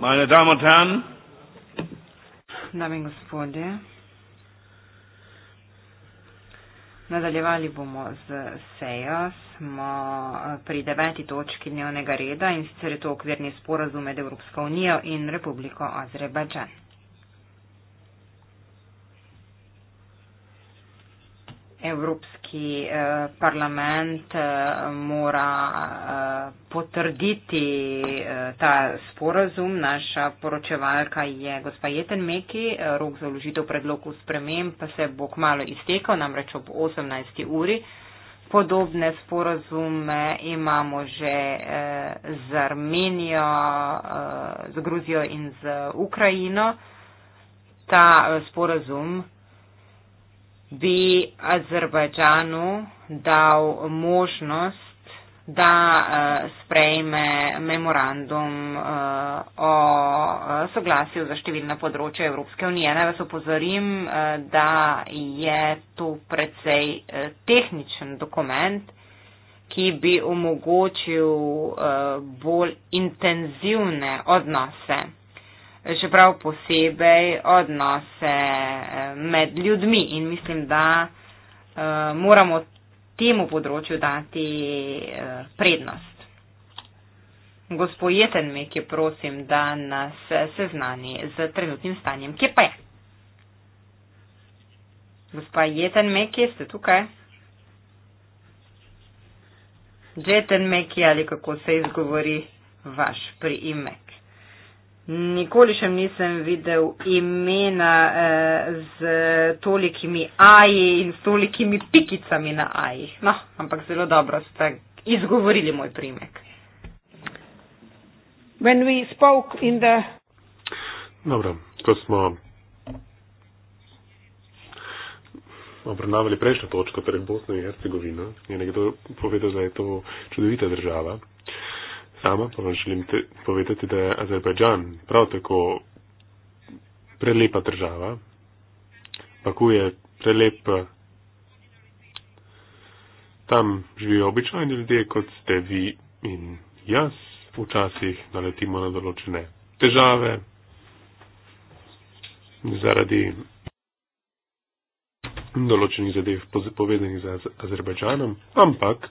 Meine Damen und Herren, Dame in gospodje, nadaljevali bomo z sejo, smo eh, pri deveti točki dnevnega reda in sicer je to okvirni sporazum med Evropsko unijo in Republiko Azerbajdžan. Evropski Evropski eh, parlament eh, mora eh, potrditi ta sporazum. Naša poročevalka je gospa Jeten Meki. Rok za vložitev predlogov sprememb pa se bo kmalo iztekal, namreč ob 18. uri. Podobne sporazume imamo že z Armenijo, z Gruzijo in z Ukrajino. Ta sporazum bi Azerbajdžanu dal možnost, da eh, sprejme memorandum eh, o eh, soglasju za številna področja Evropske unije. Naj vas opozorim, da je to precej tehničen dokument ki bi omogočil uh, bolj intenzivne odnose že prav posebej odnose eh, med ljudmi in mislim, da eh, moramo temu področju dati eh, prednost. Gospod Jetenmek je prosim, da nas seznani z trenutnim stanjem. Kje pa je? Gospa Jetenmek, kje ste tukaj? Jetenmek je ali kako se izgovori vaš priimek? Nikoli še nisem videl imena eh, z tolikimi aji in s tolikimi pikicami na aji. No, ampak zelo dobro ste izgovorili moj primek. The... Dobro, ko smo obravnavali prejšnjo točko, torej Bosno in Hercegovino, je nekdo povedal, da je to čudovita država. Sama pa vam želim te, povedati, da je Azerbajdžan prav tako prelepa država, Baku je prelep, tam živijo običajni ljudje, kot ste vi in jaz, včasih naletimo na določene težave zaradi določenih zadev povezanih z Azerbajdžanom, ampak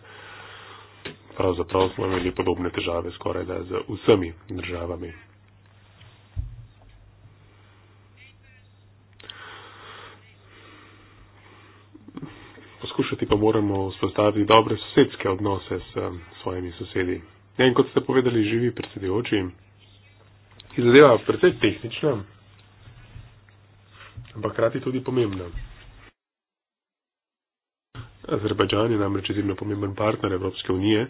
pravzaprav smo imeli podobne težave skoraj da z vsemi državami. Poskušati pa moramo vzpostaviti dobre sosedske odnose s eh, svojimi sosedi. Ja, in kot ste povedali, živi predsedujoči, ki zadeva predvsej tehnično, ampak krati tudi pomembno. Azerbajdžan je namreč izjemno pomemben partner Evropske unije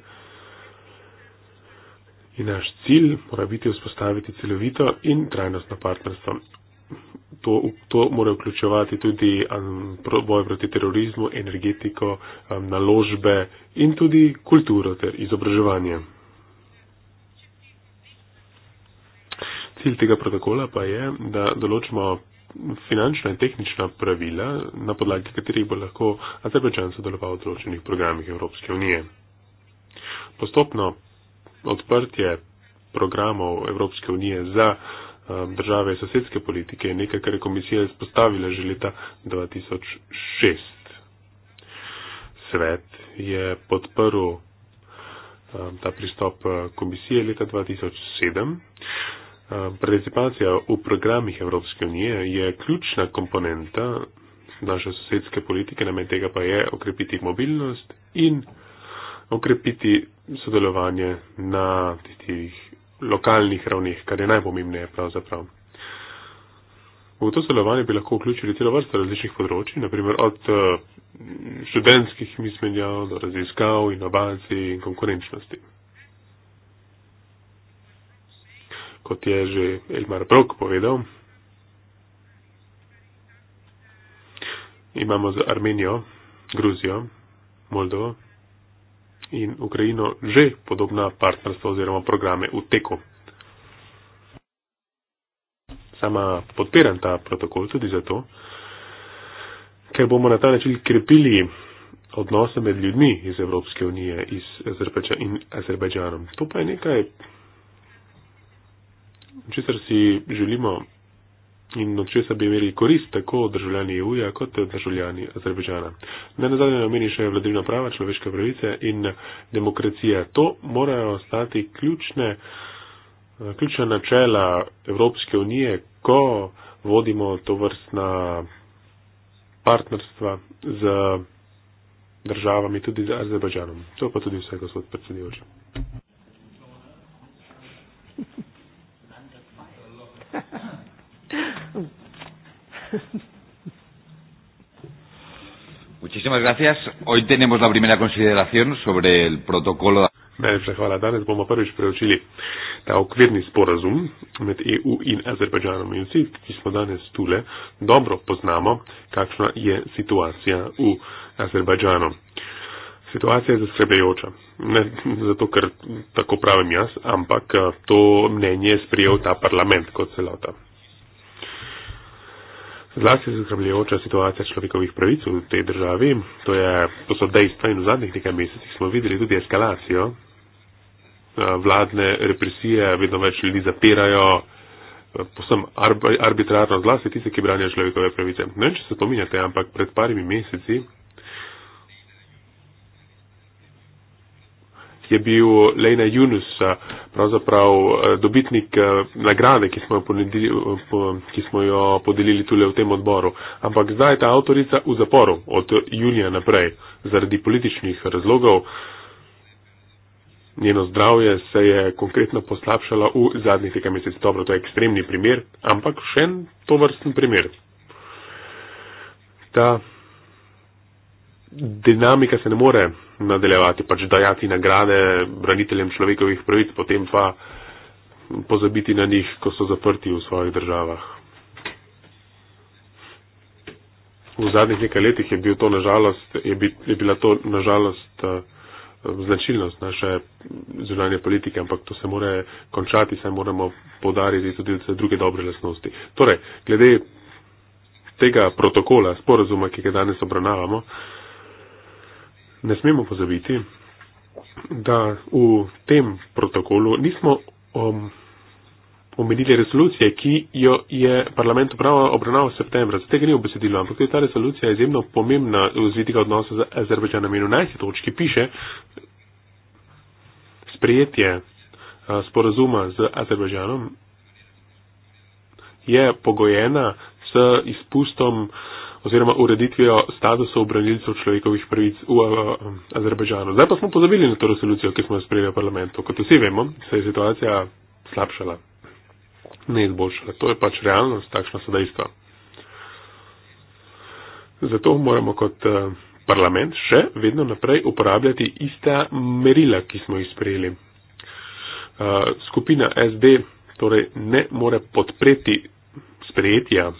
in naš cilj mora biti vzpostaviti celovito in trajnostno partnerstvo. To, to mora vključevati tudi um, boj proti terorizmu, energetiko, um, naložbe in tudi kulturo ter izobraževanje. Cilj tega protokola pa je, da določimo finančna in tehnična pravila, na podlagi katerih bo lahko Azerbajdžan sodeloval v določenih programih Evropske unije. Postopno odprtje programov Evropske unije za um, države sosedske politike je nekaj, kar je komisija izpostavila že leta 2006. Svet je podprl um, ta pristop uh, komisije leta 2007. Eh, participacija v programih Evropske unije je ključna komponenta naše sosedske politike, namen tega pa je okrepiti mobilnost in okrepiti sodelovanje na tistih lokalnih ravnih, kar je najpomembneje pravzaprav. V to sodelovanje bi lahko vključili celo vrsto različnih področji, naprimer od eh, študentskih izmenjav do raziskav, inovacij in konkurenčnosti. kot je že Elmar Brok povedal. Imamo z Armenijo, Gruzijo, Moldovo in Ukrajino že podobna partnerstva oziroma programe v teku. Sama podpiram ta protokol tudi zato, ker bomo na ta način krepili odnose med ljudmi iz Evropske unije, iz Azerbajdžana in Azerbajdžanom. To pa je nekaj, česar si želimo in od česa bi imeli korist tako državljani EU-ja kot državljani Azerbejdžana. Na nazadnje nameni še vladavina prava, človeške pravice in demokracija. To morajo ostati ključne, ključna načela Evropske unije, ko vodimo to vrstna partnerstva z državami, tudi z Azerbejdžanom. To pa tudi vse, gospod predsedujoči. Muchísimas gracias. Hoy tenemos la primera consideración sobre el protocolo. Najlepša hvala. Danes bomo prvič preučili ta okvirni sporazum med EU in Azerbajdžanom in vsi, ki smo danes tule, dobro poznamo, kakšna je situacija v Azerbajdžanu. Situacija je zaskrbljujoča. Ne zato, ker tako pravim jaz, ampak eh, to mnenje je sprijel ta parlament kot celota. Zlasti zaskrbljujoča situacija človekovih pravic v tej državi, to, je, to so dejstva in v zadnjih nekaj mesecih smo videli tudi eskalacijo. Eh, vladne represije vedno več ljudi zapirajo, eh, posem arbitrarno, zlasti tiste, ki branijo človekove pravice. Ne vem, če se spominjate, ampak pred parimi meseci je bil Lejna Junus, pravzaprav dobitnik nagrade, ki smo jo, ponedili, ki smo jo podelili tudi v tem odboru. Ampak zdaj je ta avtorica v zaporu od junija naprej zaradi političnih razlogov. Njeno zdravje se je konkretno poslabšalo v zadnjih nekaj mesecih. Dobro, to je ekstremni primer, ampak še en to vrsten primer. Ta dinamika se ne more nadaljevati, pač dajati nagrade braniteljem človekovih pravic, potem pa pozabiti na njih, ko so zaprti v svojih državah. V zadnjih nekaj letih je, bil to nažalost, je, bi, je bila to nažalost eh, značilnost naše zunanje politike, ampak to se mora končati, saj moramo podariti tudi druge dobre lasnosti. Torej, glede tega protokola, sporazuma, ki ga danes obravnavamo, uh, ne smemo pozabiti, da v tem protokolu nismo um, omenili resolucije, ki jo je parlament upravo obravnal v septembru. Zdaj tega ni v besedilu, ampak ta resolucija je izjemno pomembna z vidika odnosa z Azerbajdžanom in v najsi točki piše sprejetje sporazuma z Azerbajdžanom je pogojena s izpustom uh, oziroma ureditvijo statusov obranilcev človekovih pravic v eh, Azerbajžanu. Zdaj pa smo pozabili na to resolucijo, ki smo jo sprejeli v parlamentu. Kot vsi vemo, se je situacija slabšala, ne izboljšala. To je pač realnost, takšna so dejstva. Zato moramo kot eh, parlament še vedno naprej uporabljati ista merila, ki smo jih sprejeli. Eh, skupina SD torej ne more podpreti sprejetja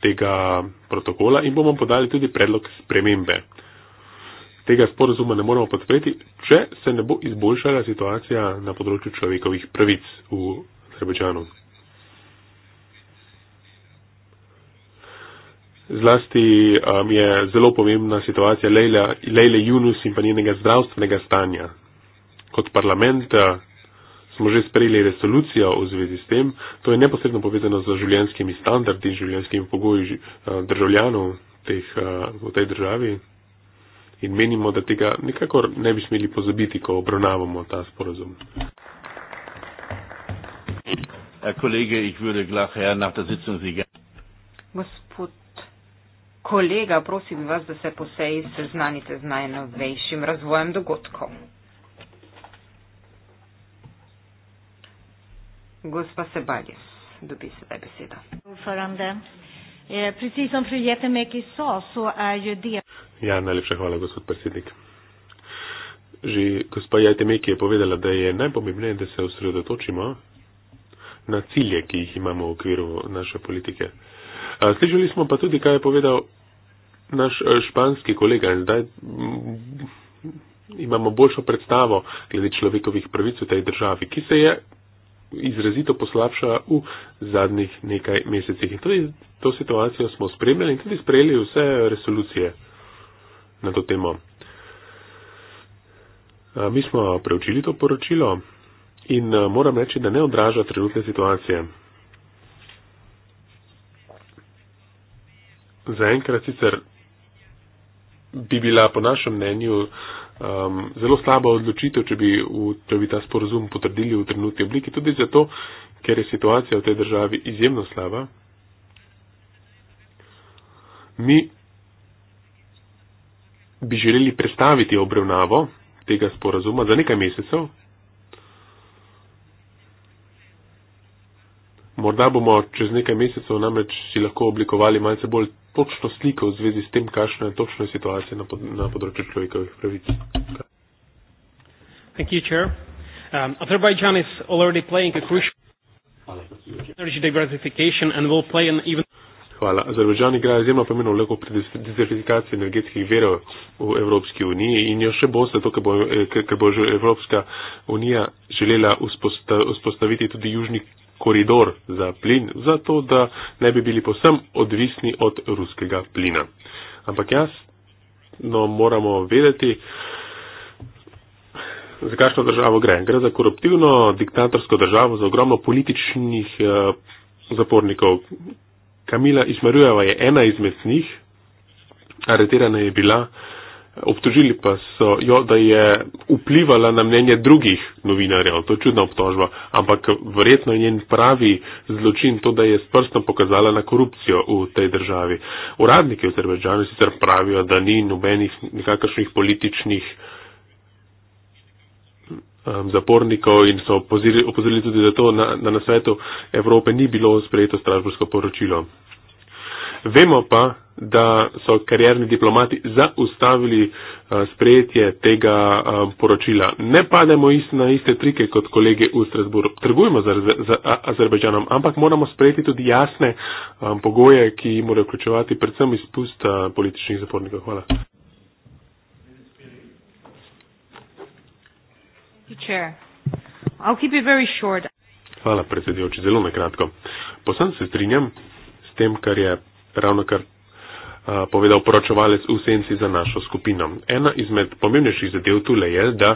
tega protokola in bomo podali tudi predlog spremembe. Tega sporozuma ne moramo podpreti, če se ne bo izboljšala situacija na področju človekovih pravic v Srebečanu. Zlasti um, je zelo pomembna situacija Lejle Junus in pa njenega zdravstvenega stanja. Kot parlament uh, smo že sprejeli resolucijo v zvezi s tem, to je neposredno povezano z življenskimi standardi in življenskimi pogoji eh, državljanov teh, eh, v tej državi in menimo, da tega nikakor ne bi smeli pozabiti, ko obravnavamo ta sporozum. Kolege, ich würde gleich her nach der Sitzung Sie gerne. Gospod kolega, prosim vas, da se po seji seznanite z najnovejšim razvojem dogodkov. Gospa Sebaljes, dobi sedaj besedo. Uporande. Ja, najlepša hvala, gospod predsednik. Že gospa Jajtemek je povedala, da je najpomembneje, da se osredotočimo na cilje, ki jih imamo v okviru naše politike. Slišali smo pa tudi, kaj je povedal naš e, španski kolega. Daj, mm, imamo boljšo predstavo glede človekovih pravic v tej državi, ki se je izrazito poslabša v zadnjih nekaj mesecih. In tudi to situacijo smo spremljali in tudi sprejeli vse resolucije na to temo. Mi smo preučili to poročilo in moram reči, da ne odraža trenutne situacije. Zaenkrat sicer bi bila po našem mnenju um, zelo slaba odločitev, če bi, v, če bi ta sporozum potrdili v trenutni obliki, tudi zato, ker je situacija v tej državi izjemno slaba. Mi bi želeli predstaviti obravnavo tega sporozuma za nekaj mesecev. Morda bomo čez nekaj mesecev namreč si lahko oblikovali malce bolj točno sliko v zvezi s tem, kakšna je točna situacija na, pod, na področju človekovih pravic. Um, Hvala. Azerbajdžan igra izjemno pomembno vlogo pri diversifikaciji energetskih verov v Evropski uniji in jo še bo, zato ker bo, eh, ker bo že Evropska unija želela vzpostaviti tudi južni koridor za plin, zato da ne bi bili posem odvisni od ruskega plina. Ampak jaz, no, moramo vedeti, za kakšno državo gre. Gre za koruptivno, diktatorsko državo, za ogromno političnih eh, zapornikov. Kamila Ismarujeva je ena izmed njih, aretirana je bila eh, obtožili pa so jo, da je vplivala na mnenje drugih novinarjev. To je čudna obtožba, ampak verjetno je njen pravi zločin to, da je s prstom pokazala na korupcijo v tej državi. Uradniki v Azerbajdžanu sicer pravijo, da ni nobenih nekakršnih političnih zapornikov in so opozorili tudi, da to na, na nasvetu Evrope ni bilo sprejeto stražbursko poročilo. Vemo pa, da so karjerni diplomati zaustavili eh, sprejetje tega eh, poročila. Ne pademo na iste trike kot kolege v Strasburu. Trgujemo z, z Azerbajdžanom, ampak moramo sprejeti tudi jasne eh, pogoje, ki morajo vključevati predvsem izpust političnih zapornikov. Hvala. Hvala, predsedujoči. Zelo nekratko. Poslan se strinjam s tem, kar je ravno kar povedal poročevalec v senci za našo skupino. Ena izmed pomembnejših zadev tule je, da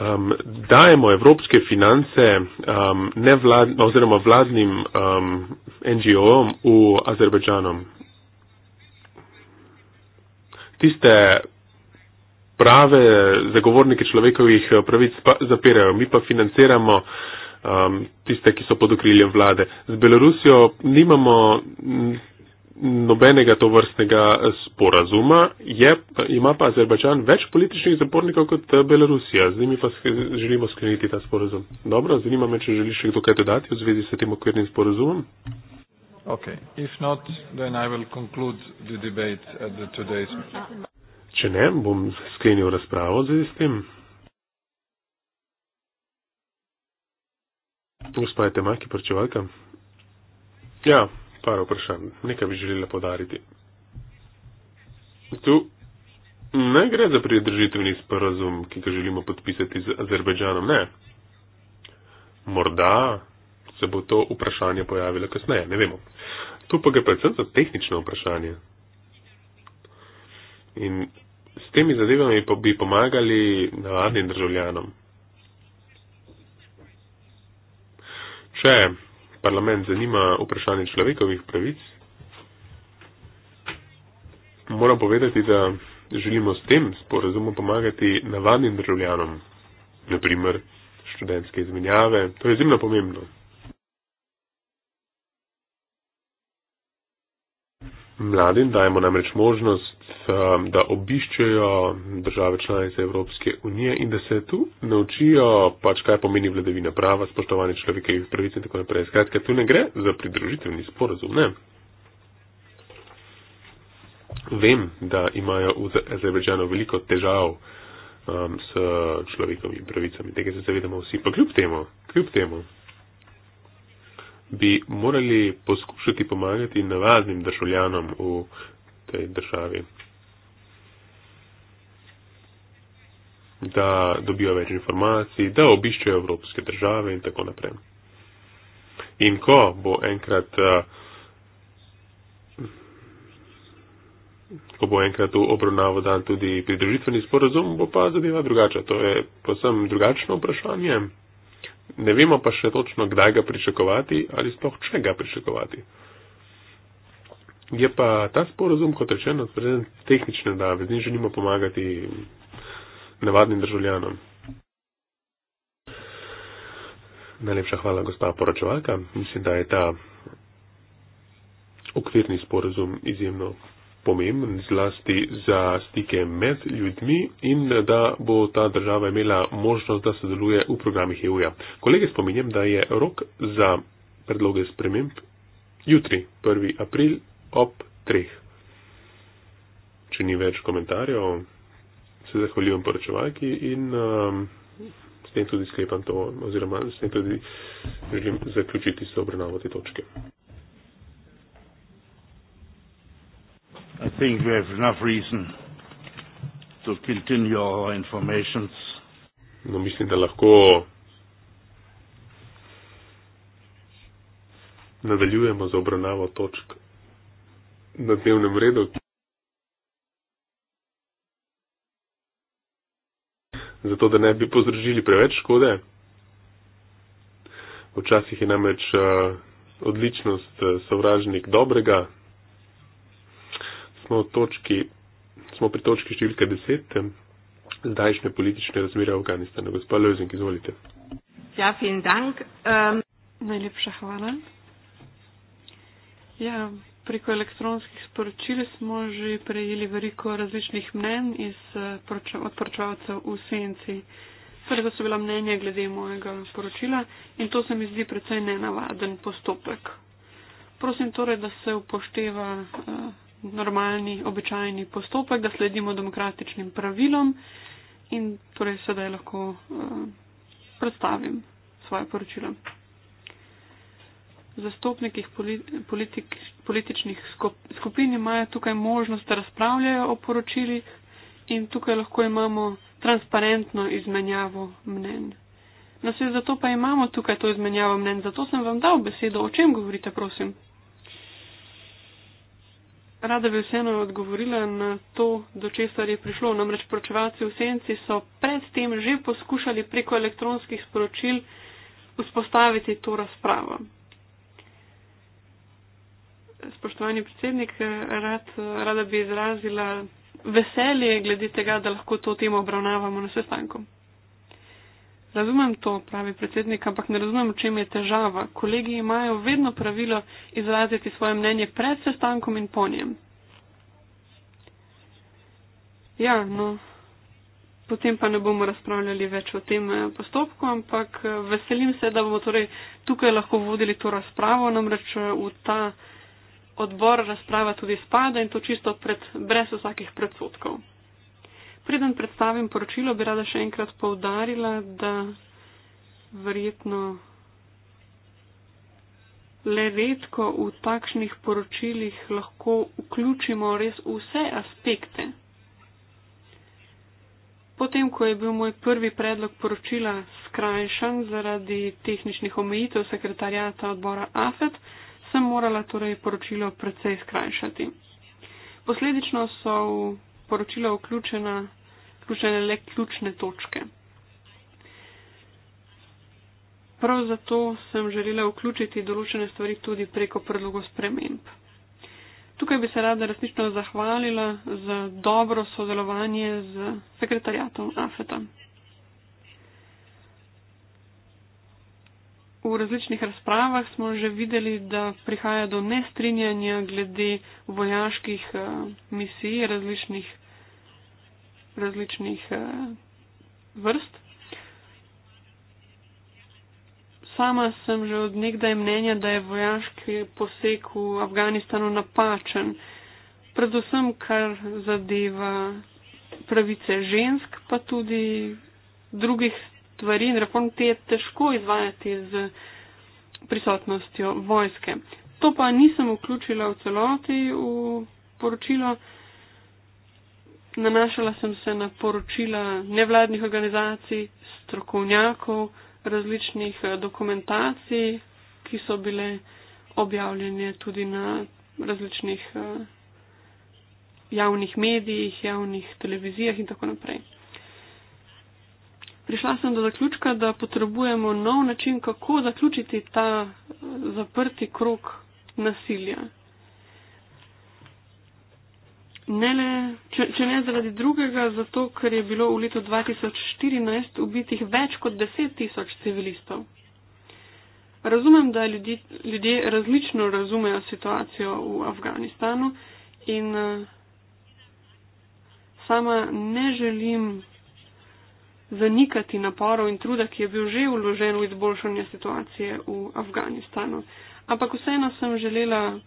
um, dajemo evropske finance um, nevlad, oziroma vladnim um, NGO-om v Azerbejdžanu. Tiste prave zagovornike človekovih pravic pa zapirajo, mi pa financiramo uh, um, tiste, ki so pod okriljem vlade. Z Belorusijo nimamo nobenega tovrstnega sporazuma, je, ima pa Azerbajčan več političnih zapornikov kot eh, Belorusija, z njimi pa želimo skleniti ta sporazum. Dobro, zanima me, če želiš še kdo kaj dodati v zvezi s tem okvirnim sporazumom. Okay. Not, Če ne, bom sklenil razpravo z tem. Uspajate majke pričevalke? Ja, par vprašanj. Nekaj bi želela podariti. Tu ne gre za pridržitveni sporazum, ki ga želimo podpisati z Azerbejdžanom, ne. Morda se bo to vprašanje pojavilo kasneje, ne vemo. Tu pa gre predvsem za tehnično vprašanje. In s temi zadevami pa bi pomagali navadnim državljanom. še parlament zanima vprašanje človekovih pravic, moram povedati, da želimo s tem sporozumom pomagati navadnim državljanom, naprimer študentske izmenjave. To je izjemno pomembno. Mladim dajemo namreč možnost, um, da obiščejo države članice Evropske unije in da se tu naučijo, pač kaj pomeni vladavina prava, spoštovanje človekovih pravic in tako naprej. Skratka, tu ne gre za pridružitveni sporozum, ne. Vem, da imajo v Azerbejdžanu veliko težav um, s človekovimi pravicami, tega se zavedamo vsi, pa kljub temu, kljub temu bi morali poskušati pomagati navadnim državljanom v tej državi, da dobijo več informacij, da obiščajo evropske države in tako naprej. In ko bo enkrat, eh, ko bo enkrat v obravnavo dan tudi pridružitveni sporozum, bo pa zadeva drugače. To je posem drugačno vprašanje. Ne vemo pa še točno, kdaj ga pričakovati ali sploh če ga pričakovati. Je pa ta sporozum, kot rečeno, predvsem tehnične narave, z njim želimo pomagati navadnim državljanom. Najlepša hvala, gospa poročevalka. Mislim, da je ta okvirni sporozum izjemno pomemben zlasti za stike med ljudmi in da bo ta država imela možnost, da sodeluje v programih EU-ja. Kolege spominjem, da je rok za predloge sprememb jutri, 1. april ob 3. Če ni več komentarjev, se zahvaljujem poročevalki in um, s tem tudi sklepam to, oziroma s tem tudi želim zaključiti sobrenavo te točke. think we have enough reason to continue our informations. No, mislim, da lahko nadaljujemo z obravnavo točk na dnevnem redu. Zato, da ne bi pozdražili preveč škode. Včasih je namreč uh, odličnost uh, sovražnik dobrega smo, točki, smo pri točki številka 10, eh, zdajšnje politične razmere v Afganistanu. Gospod Lozing, izvolite. Ja, fin dank. Um, najlepša hvala. Ja, preko elektronskih sporočil smo že prejeli veliko različnih mnen iz odporočavcev eh, v senci. Prva torej, so bila mnenja glede mojega poročila in to se mi zdi precej nenavaden postopek. Prosim torej, da se upošteva uh, normalni, običajni postopek, da sledimo demokratičnim pravilom in torej sedaj lahko uh, predstavim svoje poročilo. Zastopniki politik, političnih skupin imajo tukaj možnost, da razpravljajo o poročilih in tukaj lahko imamo transparentno izmenjavo mnen. Na svet zato pa imamo tukaj to izmenjavo mnen, zato sem vam dal besedo. O čem govorite, prosim? rada bi vseeno odgovorila na to, do česar je prišlo. Namreč pročevalci v senci so predtem že poskušali preko elektronskih sporočil vzpostaviti to razpravo. Spoštovani predsednik, rad, rada bi izrazila veselje glede tega, da lahko to temo obravnavamo na sestanku. Razumem to, pravi predsednik, ampak ne razumem, v čem je težava. Kolegi imajo vedno pravilo izraziti svoje mnenje pred sestankom in po njem. Ja, no, potem pa ne bomo razpravljali več o tem eh, postopku, ampak eh, veselim se, da bomo torej tukaj lahko vodili to razpravo, namreč eh, v ta odbor razprava tudi spada in to čisto pred, brez vsakih predsotkov. Preden predstavim poročilo, bi rada še enkrat povdarila, da verjetno le redko v takšnih poročilih lahko vključimo res vse aspekte. Potem, ko je bil moj prvi predlog poročila skrajšan zaradi tehničnih omejitev sekretarjata odbora AFET, sem morala torej poročilo precej skrajšati. Posledično so v poročilo vključena vključene le ključne točke. Prav zato sem želela vključiti določene stvari tudi preko predlogov sprememb. Tukaj bi se rada resnično zahvalila za dobro sodelovanje z sekretarjatom AFETA. V različnih razpravah smo že videli, da prihaja do nestrinjanja glede vojaških eh, misij različnih različnih eh, vrst. Sama sem že od nekdaj mnenja, da je vojaški poseg v Afganistanu napačen, predvsem kar zadeva pravice žensk, pa tudi drugih stvari in reform, te je težko izvajati z prisotnostjo vojske. To pa nisem vključila v celoti v poročilo. Nanašala sem se na poročila nevladnih organizacij, strokovnjakov, različnih eh, dokumentacij, ki so bile objavljene tudi na različnih eh, javnih medijih, javnih televizijah in tako naprej. Prišla sem do zaključka, da potrebujemo nov način, kako zaključiti ta eh, zaprti krok nasilja. Ne le, če, če ne zaradi drugega, zato ker je bilo v letu 2014 ubitih več kot 10 tisoč civilistov. Razumem, da ljudi, ljudje različno razumejo situacijo v Afganistanu in eh, sama ne želim zanikati naporov in truda, ki je bil že vložen v izboljšanje situacije v Afganistanu. Ampak vseeno sem želela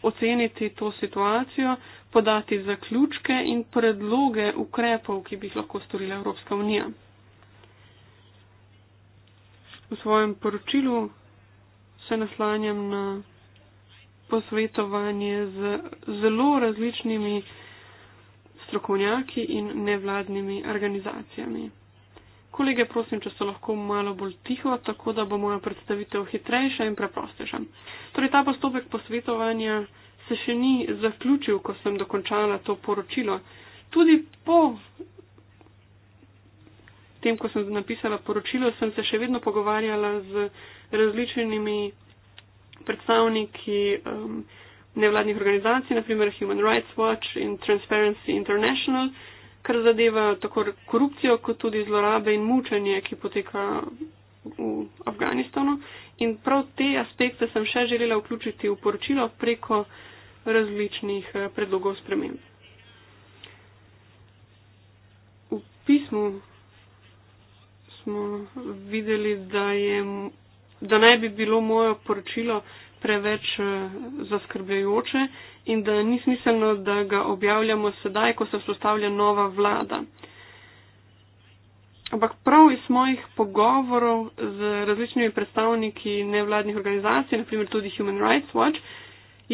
oceniti to situacijo, podati zaključke in predloge ukrepov, ki bi jih lahko storila Evropska unija. V svojem poročilu se naslanjam na posvetovanje z zelo različnimi strokovnjaki in nevladnimi organizacijami. Kolege, prosim, če so lahko malo bolj tiho, tako da bo moja predstavitev hitrejša in preprostejša. Torej, ta postopek posvetovanja se še ni zaključil, ko sem dokončala to poročilo. Tudi po tem, ko sem napisala poročilo, sem se še vedno pogovarjala z različnimi predstavniki um, nevladnih organizacij, naprimer Human Rights Watch in Transparency International, kar zadeva tako korupcijo, kot tudi zlorabe in mučenje, ki poteka v Afganistanu. In prav te aspekte sem še želela vključiti v poročilo preko različnih eh, predlogov sprememb. V pismu smo videli, da, je, da naj bi bilo moje poročilo preveč eh, zaskrbljajoče in da ni smiselno, da ga objavljamo sedaj, ko se vzpostavlja nova vlada. Ampak prav iz mojih pogovorov z različnimi predstavniki nevladnih organizacij, naprimer tudi Human Rights Watch,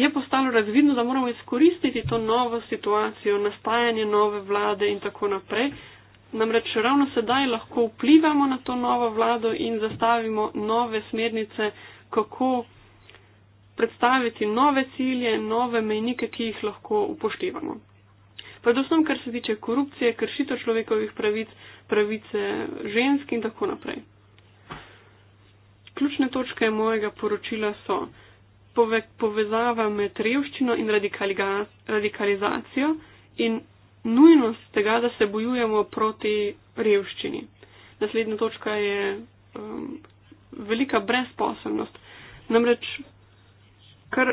je postalo razvidno, da moramo izkoristiti to novo situacijo, nastajanje nove vlade in tako naprej. Namreč ravno sedaj lahko vplivamo na to novo vlado in zastavimo nove smernice, kako predstaviti nove cilje, nove mejnike, ki jih lahko upoštevamo. Predvsem, kar se tiče korupcije, kršito človekovih pravic, pravice žensk in tako naprej. Ključne točke mojega poročila so pove, povezava med revščino in radikalizacijo in nujnost tega, da se bojujemo proti revščini. Naslednja točka je um, velika brezposobnost. Namreč kar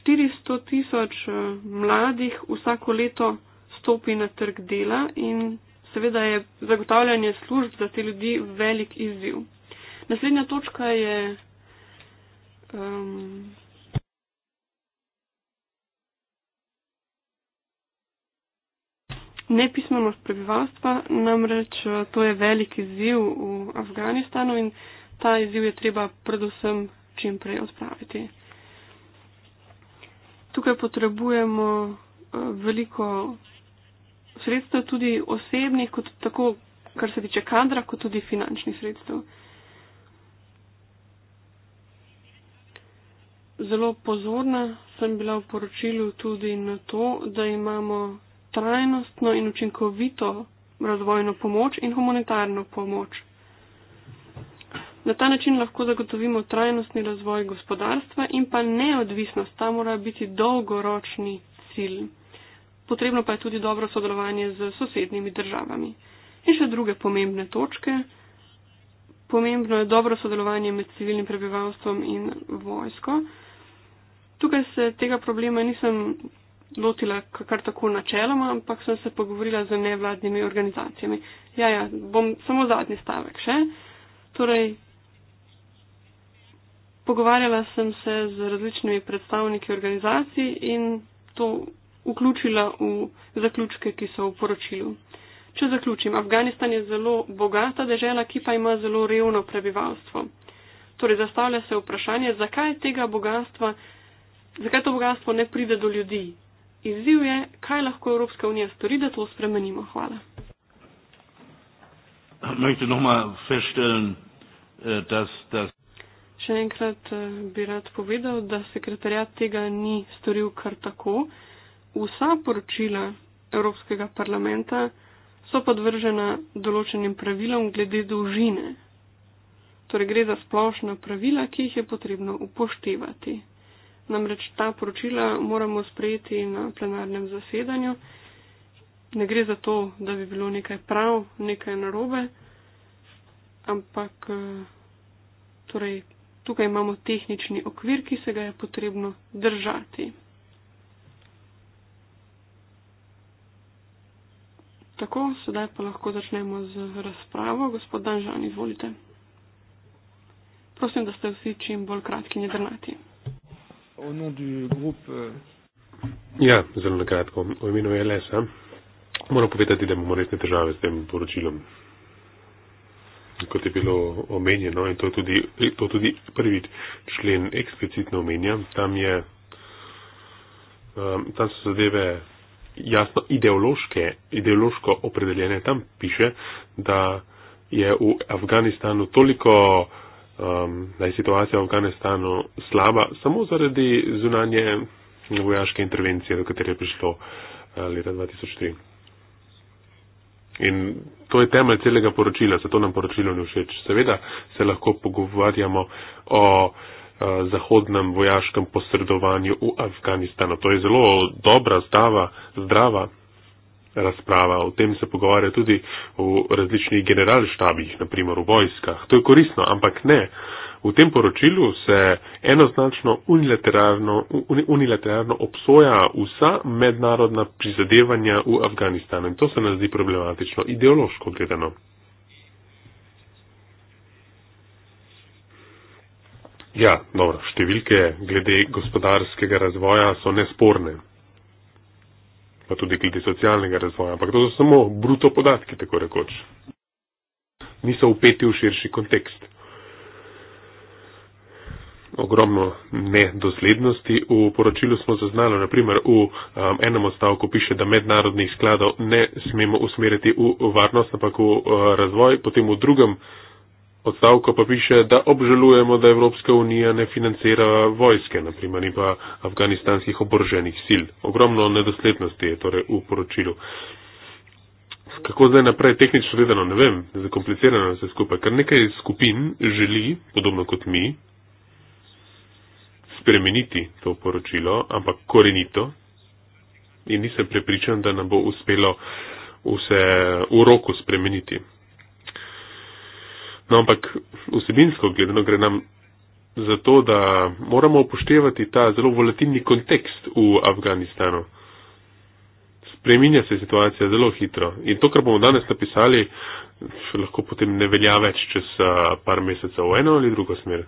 400 tisoč eh, mladih vsako leto stopi na trg dela in seveda je zagotavljanje služb za te ljudi velik izziv. Naslednja točka je Um, nepismenost prebivalstva namreč uh, to je velik izziv v Afganistanu in ta izziv je treba predvsem čim prej odpraviti. Tukaj potrebujemo uh, veliko sredstev, tudi osebnih, kot tako, kar se tiče kadra, kot tudi finančnih sredstev. zelo pozorna sem bila v poročilu tudi na to, da imamo trajnostno in učinkovito razvojno pomoč in humanitarno pomoč. Na ta način lahko zagotovimo trajnostni razvoj gospodarstva in pa neodvisnost. Ta mora biti dolgoročni cilj. Potrebno pa je tudi dobro sodelovanje z sosednjimi državami. In še druge pomembne točke. Pomembno je dobro sodelovanje med civilnim prebivalstvom in vojsko. Tukaj se tega problema nisem lotila kar tako načeloma, ampak sem se pogovorila z nevladnimi organizacijami. Ja, ja, bom samo zadnji stavek še. Torej, pogovarjala sem se z različnimi predstavniki organizacij in to vključila v zaključke, ki so v poročilu. Če zaključim, Afganistan je zelo bogata dežela, ki pa ima zelo revno prebivalstvo. Torej, zastavlja se vprašanje, zakaj tega bogatstva Zakaj to bogatstvo ne pride do ljudi? Izziv je, kaj lahko Evropska unija stori, da to spremenimo. Hvala. Äh, Še enkrat äh, bi rad povedal, da sekretarjat tega ni storil kar tako. Vsa poročila Evropskega parlamenta so podvržena določenim pravilom glede dolžine. Torej gre za splošna pravila, ki jih je potrebno upoštevati namreč ta poročila moramo sprejeti na plenarnem zasedanju. Ne gre za to, da bi bilo nekaj prav, nekaj narobe, ampak eh, torej, tukaj imamo tehnični okvir, ki se ga je potrebno držati. Tako, sedaj pa lahko začnemo z razpravo. Gospod Danžan, izvolite. Prosim, da ste vsi čim bolj kratki in jedrnati. Ja au nom du groupe. Euh, ja, zelo na kratko. V imenu LS-a moram povedati, da imamo resne težave s tem poročilom. Kot je bilo omenjeno in to je tudi, to tudi prvi člen eksplicitno omenja, tam, je, um, tam so zadeve jasno ideološke, ideološko opredeljene. Tam piše, da je v Afganistanu toliko um, da je situacija v Afganistanu slaba samo zaradi zunanje vojaške intervencije, do katere je prišlo uh, leta 2003. In to je temelj celega poročila, zato nam poročilo ni všeč. Seveda se lahko pogovarjamo o uh, zahodnem vojaškem posredovanju v Afganistanu. To je zelo dobra, zdava, zdrava razprava, o tem se pogovarja tudi v različnih generalštabih, naprimer v vojskah. To je korisno, ampak ne. V tem poročilu se enoznačno unilateralno, unilateralno obsoja vsa mednarodna prizadevanja v Afganistanu in to se nam zdi problematično, ideološko gledano. Ja, dobro, številke glede gospodarskega razvoja so nesporne pa tudi glede socialnega razvoja, ampak to so samo bruto podatki, tako rekoč. Niso upeti v širši kontekst. Ogromno nedoslednosti v poročilu smo zaznali, naprimer v um, enem odstavku piše, da mednarodnih skladov ne smemo usmeriti v varnost, ampak v uh, razvoj, potem v drugem odstavko pa piše, da obžalujemo, da Evropska unija ne financira vojske, naprimer, in pa afganistanskih oboroženih sil. Ogromno nedoslednosti je torej v poročilu. Kako zdaj naprej, tehnično gledano, ne vem, zakomplicirano je vse skupaj, ker nekaj skupin želi, podobno kot mi, spremeniti to poročilo, ampak korenito. In nisem prepričan, da nam bo uspelo vse v roku spremeniti. No, ampak vsebinsko gledano gre nam za to, da moramo upoštevati ta zelo volatilni kontekst v Afganistanu. Spreminja se situacija zelo hitro in to, kar bomo danes napisali, lahko potem ne velja več čez par mesecev v eno ali drugo smer.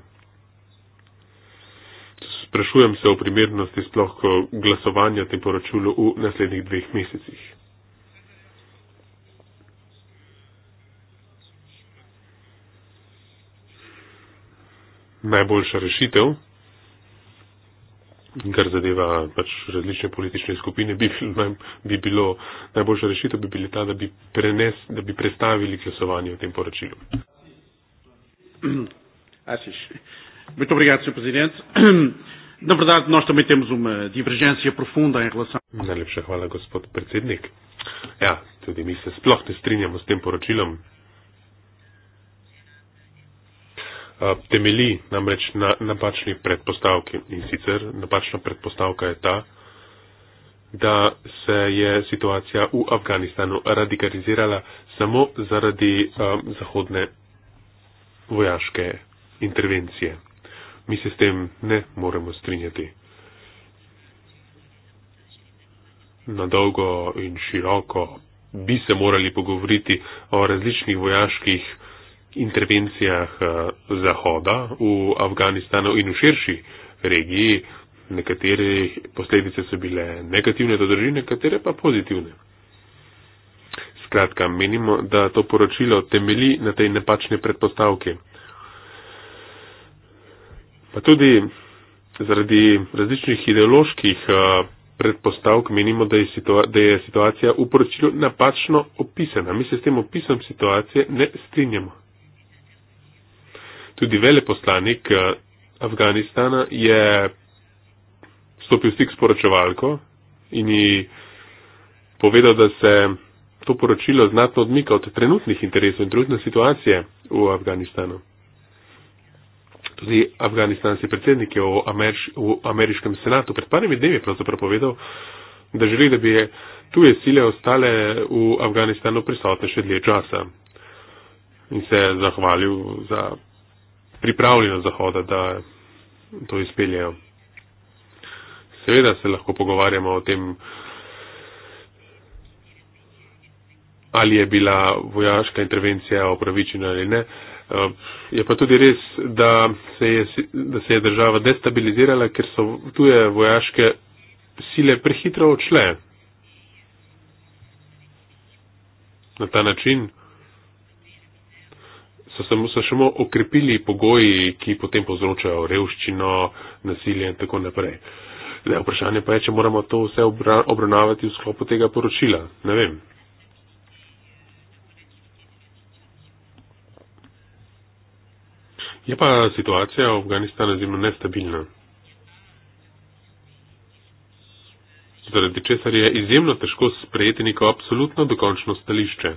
Sprašujem se o primernosti sploh glasovanja o tem poročilu v naslednjih dveh mesecih. najboljša rešitev, kar zadeva pač različne politične skupine, bi, naj, bi bilo najboljša rešitev, bi bila ta, da bi, prenes, da bi predstavili glasovanje o tem poročilu. Asiš. Muito obrigado, Sr. Presidente. Na verdade, nós também temos uma divergência profunda em relação. Najlepša hvala, gospod predsednik. Ja, tudi mi se sploh ne strinjamo s tem poročilom. temeli namreč na napačni predpostavki. In sicer napačna predpostavka je ta, da se je situacija v Afganistanu radikalizirala samo zaradi um, zahodne vojaške intervencije. Mi se s tem ne moremo strinjati. Na dolgo in široko bi se morali pogovoriti o različnih vojaških intervencijah eh, Zahoda v Afganistanu in v širši regiji. Nekatere posledice so bile negativne, to drži, nekatere pa pozitivne. Skratka, menimo, da to poročilo temeli na tej napačni predpostavki. Pa tudi zaradi različnih ideoloških eh, predpostavk menimo, da je, situa da je situacija v poročilu napačno opisana. Mi se s tem opisom situacije ne strinjamo tudi veleposlanik eh, Afganistana je stopil stik s poročevalko in ji povedal, da se to poročilo znatno odmika od trenutnih interesov in trenutne situacije v Afganistanu. Tudi afganistanski predsednik je v, Amerš v ameriškem senatu pred parimi dnevi pravzaprav povedal, da želi, da bi tuje sile ostale v Afganistanu prisotne še dlje časa in se zahvalil za pripravljena zahoda, da to izpeljejo. Seveda se lahko pogovarjamo o tem, ali je bila vojaška intervencija opravičena ali ne. Eh, je pa tudi res, da se je, da se je država destabilizirala, ker so tuje vojaške sile prehitro odšle. Na ta način so samo, so samo okrepili pogoji, ki potem povzročajo revščino, nasilje in tako naprej. Le vprašanje pa je, če moramo to vse obra, obravnavati v sklopu tega poročila. Ne vem. Je pa situacija v Afganistanu izjemno nestabilna. Zaradi česar je izjemno težko sprejeti neko absolutno dokončno stališče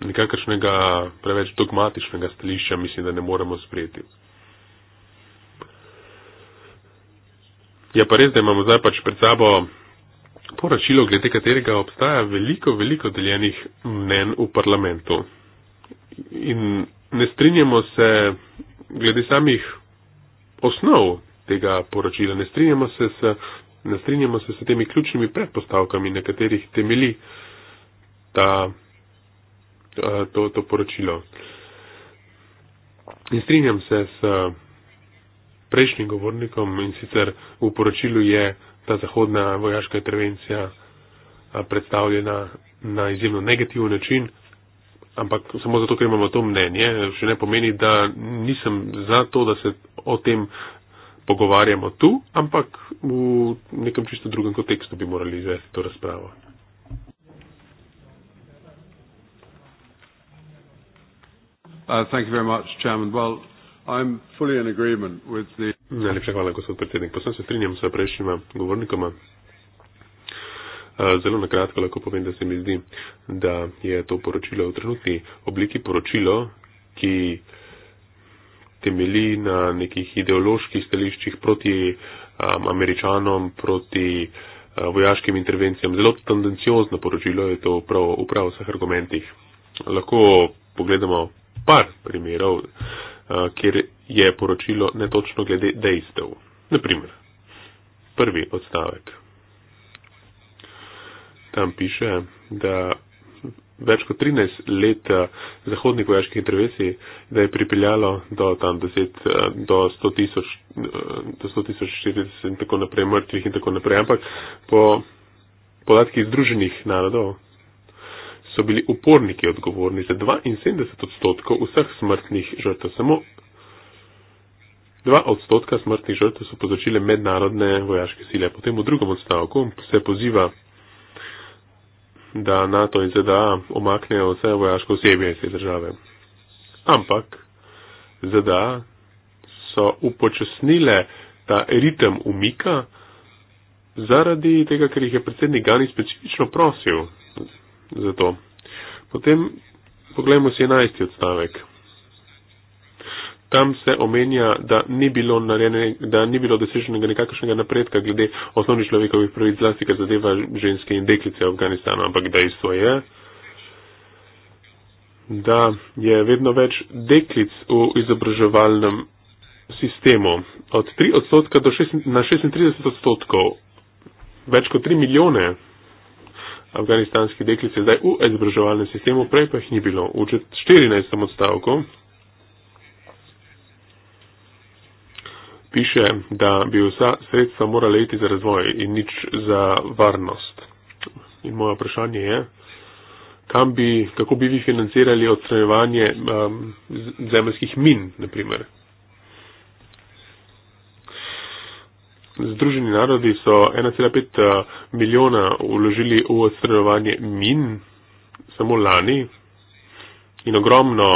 nekakršnega preveč dogmatičnega stališča mislim, da ne moremo sprejeti. Je pa res, da imamo zdaj pač pred sabo poročilo, glede katerega obstaja veliko, veliko deljenih mnen v parlamentu. In ne strinjamo se glede samih osnov tega poročila, ne strinjamo se s, ne strinjamo se s temi ključnimi predpostavkami, na katerih temeli ta Eh, to, to poročilo. In strinjam se s eh, prejšnjim govornikom in sicer v poročilu je ta zahodna vojaška intervencija eh, predstavljena na izjemno negativen način. Ampak samo zato, ker imamo to mnenje, še ne pomeni, da nisem za to, da se o tem pogovarjamo tu, ampak v nekem čisto drugem kontekstu bi morali izvesti to razpravo. Uh, thank you very much, Chairman. Well, I'm fully in agreement with the... Najlepša hvala, gospod predsednik. Posem se strinjam s prejšnjima govornikoma. Uh, zelo na kratko lahko povem, da se mi zdi, da je to poročilo v trenutni obliki poročilo, ki temeli na nekih ideoloških stališčih proti um, američanom, proti uh, vojaškim intervencijam. Zelo tendenciozno poročilo je to prav, prav v vseh argumentih. Lahko pogledamo par primerov, eh, kjer je poročilo netočno glede dejstev. Naprimer, prvi odstavek. Tam piše, da več kot 13 let eh, zahodnih vojaških intervencij, da je pripeljalo do tam 10, eh, do 100 tisoč, do 100 tisoč 40 in tako naprej, mrtvih in tako naprej, ampak po podatkih Združenih narodov so bili uporniki odgovorni za 72 odstotkov vseh smrtnih žrtev. Samo 2 odstotka smrtnih žrtev so povzročile mednarodne vojaške sile. Potem v drugem odstavku se poziva, da NATO in ZDA omaknejo vse vojaško osebje iz te države. Ampak ZDA so upočasnile ta ritem umika zaradi tega, ker jih je predsednik Gani specifično prosil za to. Potem pogledajmo si enajsti odstavek. Tam se omenja, da ni bilo, da ni bilo doseženega nekakšnega napredka glede osnovnih človekovih pravic, zlasti kar zadeva ženske in deklice v Afganistanu, ampak dejstvo je, da je vedno več deklic v izobraževalnem sistemu. Od 3 odstotka do 6, na 36 odstotkov, več kot 3 milijone afganistanskih deklic je zdaj v izobraževalnem sistemu, prej pa jih ni bilo. V 14. odstavku piše, da bi vsa sredstva morala iti za razvoj in nič za varnost. In moja vprašanje je, kam bi, kako bi vi financirali odstranjevanje um, zemljskih min, naprimer, Združeni narodi so 1,5 eh, milijona uložili v odstranovanje min samo lani in ogromno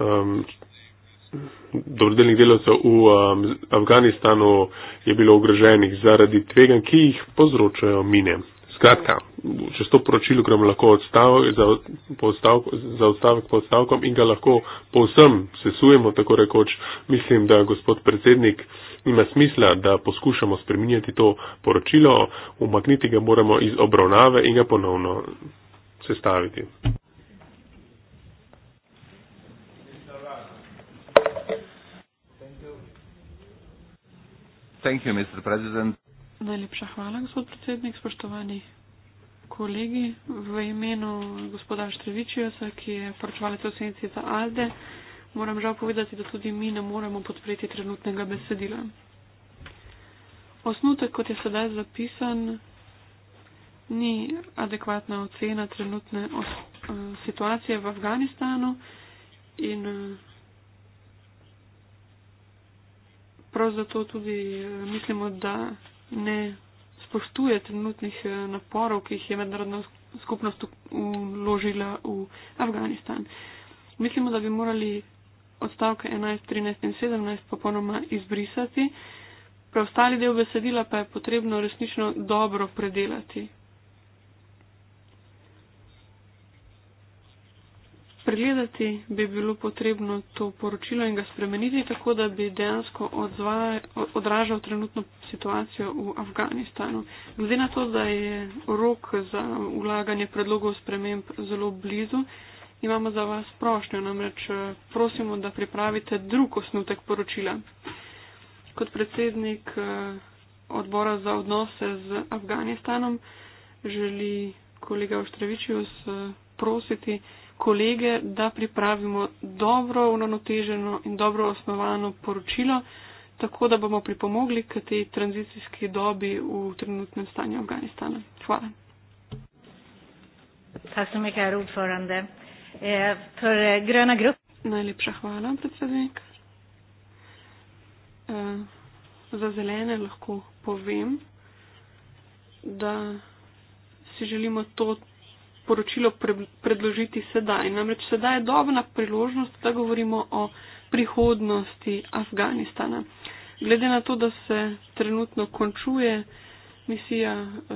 um, dobrodelnih delovcev v um, Afganistanu je bilo ogroženih zaradi tvegan, ki jih povzročajo mine. Skratka, čez to poročilo gremo lahko odstavek za, odstavek za odstavek po odstavkom in ga lahko povsem sesujemo, tako rekoč. Mislim, da gospod predsednik nima smisla, da poskušamo spreminjati to poročilo, umakniti ga moramo iz obravnave in ga ponovno sestaviti. Thank you, Mr. President. Najlepša hvala, gospod predsednik, spoštovani kolegi. V imenu gospoda Štrevičijosa, ki je poročevalec osenci za Alde, moram žal povedati, da tudi mi ne moremo podpreti trenutnega besedila. Osnutek, kot je sedaj zapisan, ni adekvatna ocena trenutne os, uh, situacije v Afganistanu in uh, prav zato tudi uh, mislimo, da ne spoštuje trenutnih eh, naporov, ki jih je mednarodna skupnost uložila v Afganistan. Mislimo, da bi morali odstavke 11, 13 in 17 popolnoma izbrisati, preostali del besedila pa je potrebno resnično dobro predelati, pregledati, bi bilo potrebno to poročilo in ga spremeniti tako, da bi dejansko odražal trenutno situacijo v Afganistanu. Glede na to, da je rok za ulaganje predlogov sprememb zelo blizu, imamo za vas prošnjo, namreč eh, prosimo, da pripravite drug osnutek poročila. Kot predsednik eh, odbora za odnose z Afganistanom želi kolega Oštrevičius eh, prositi, kolege, da pripravimo dobro uravnoteženo in dobro osnovano poročilo, tako da bomo pripomogli k tej tranzicijski dobi v trenutnem stanju Afganistana. Hvala. Eh, eh, Najlepša hvala, predsednik. Eh, za zelene lahko povem, da si želimo to poročilo pre, predložiti sedaj. Namreč sedaj je dobra priložnost, da govorimo o prihodnosti Afganistana. Glede na to, da se trenutno končuje misija eh,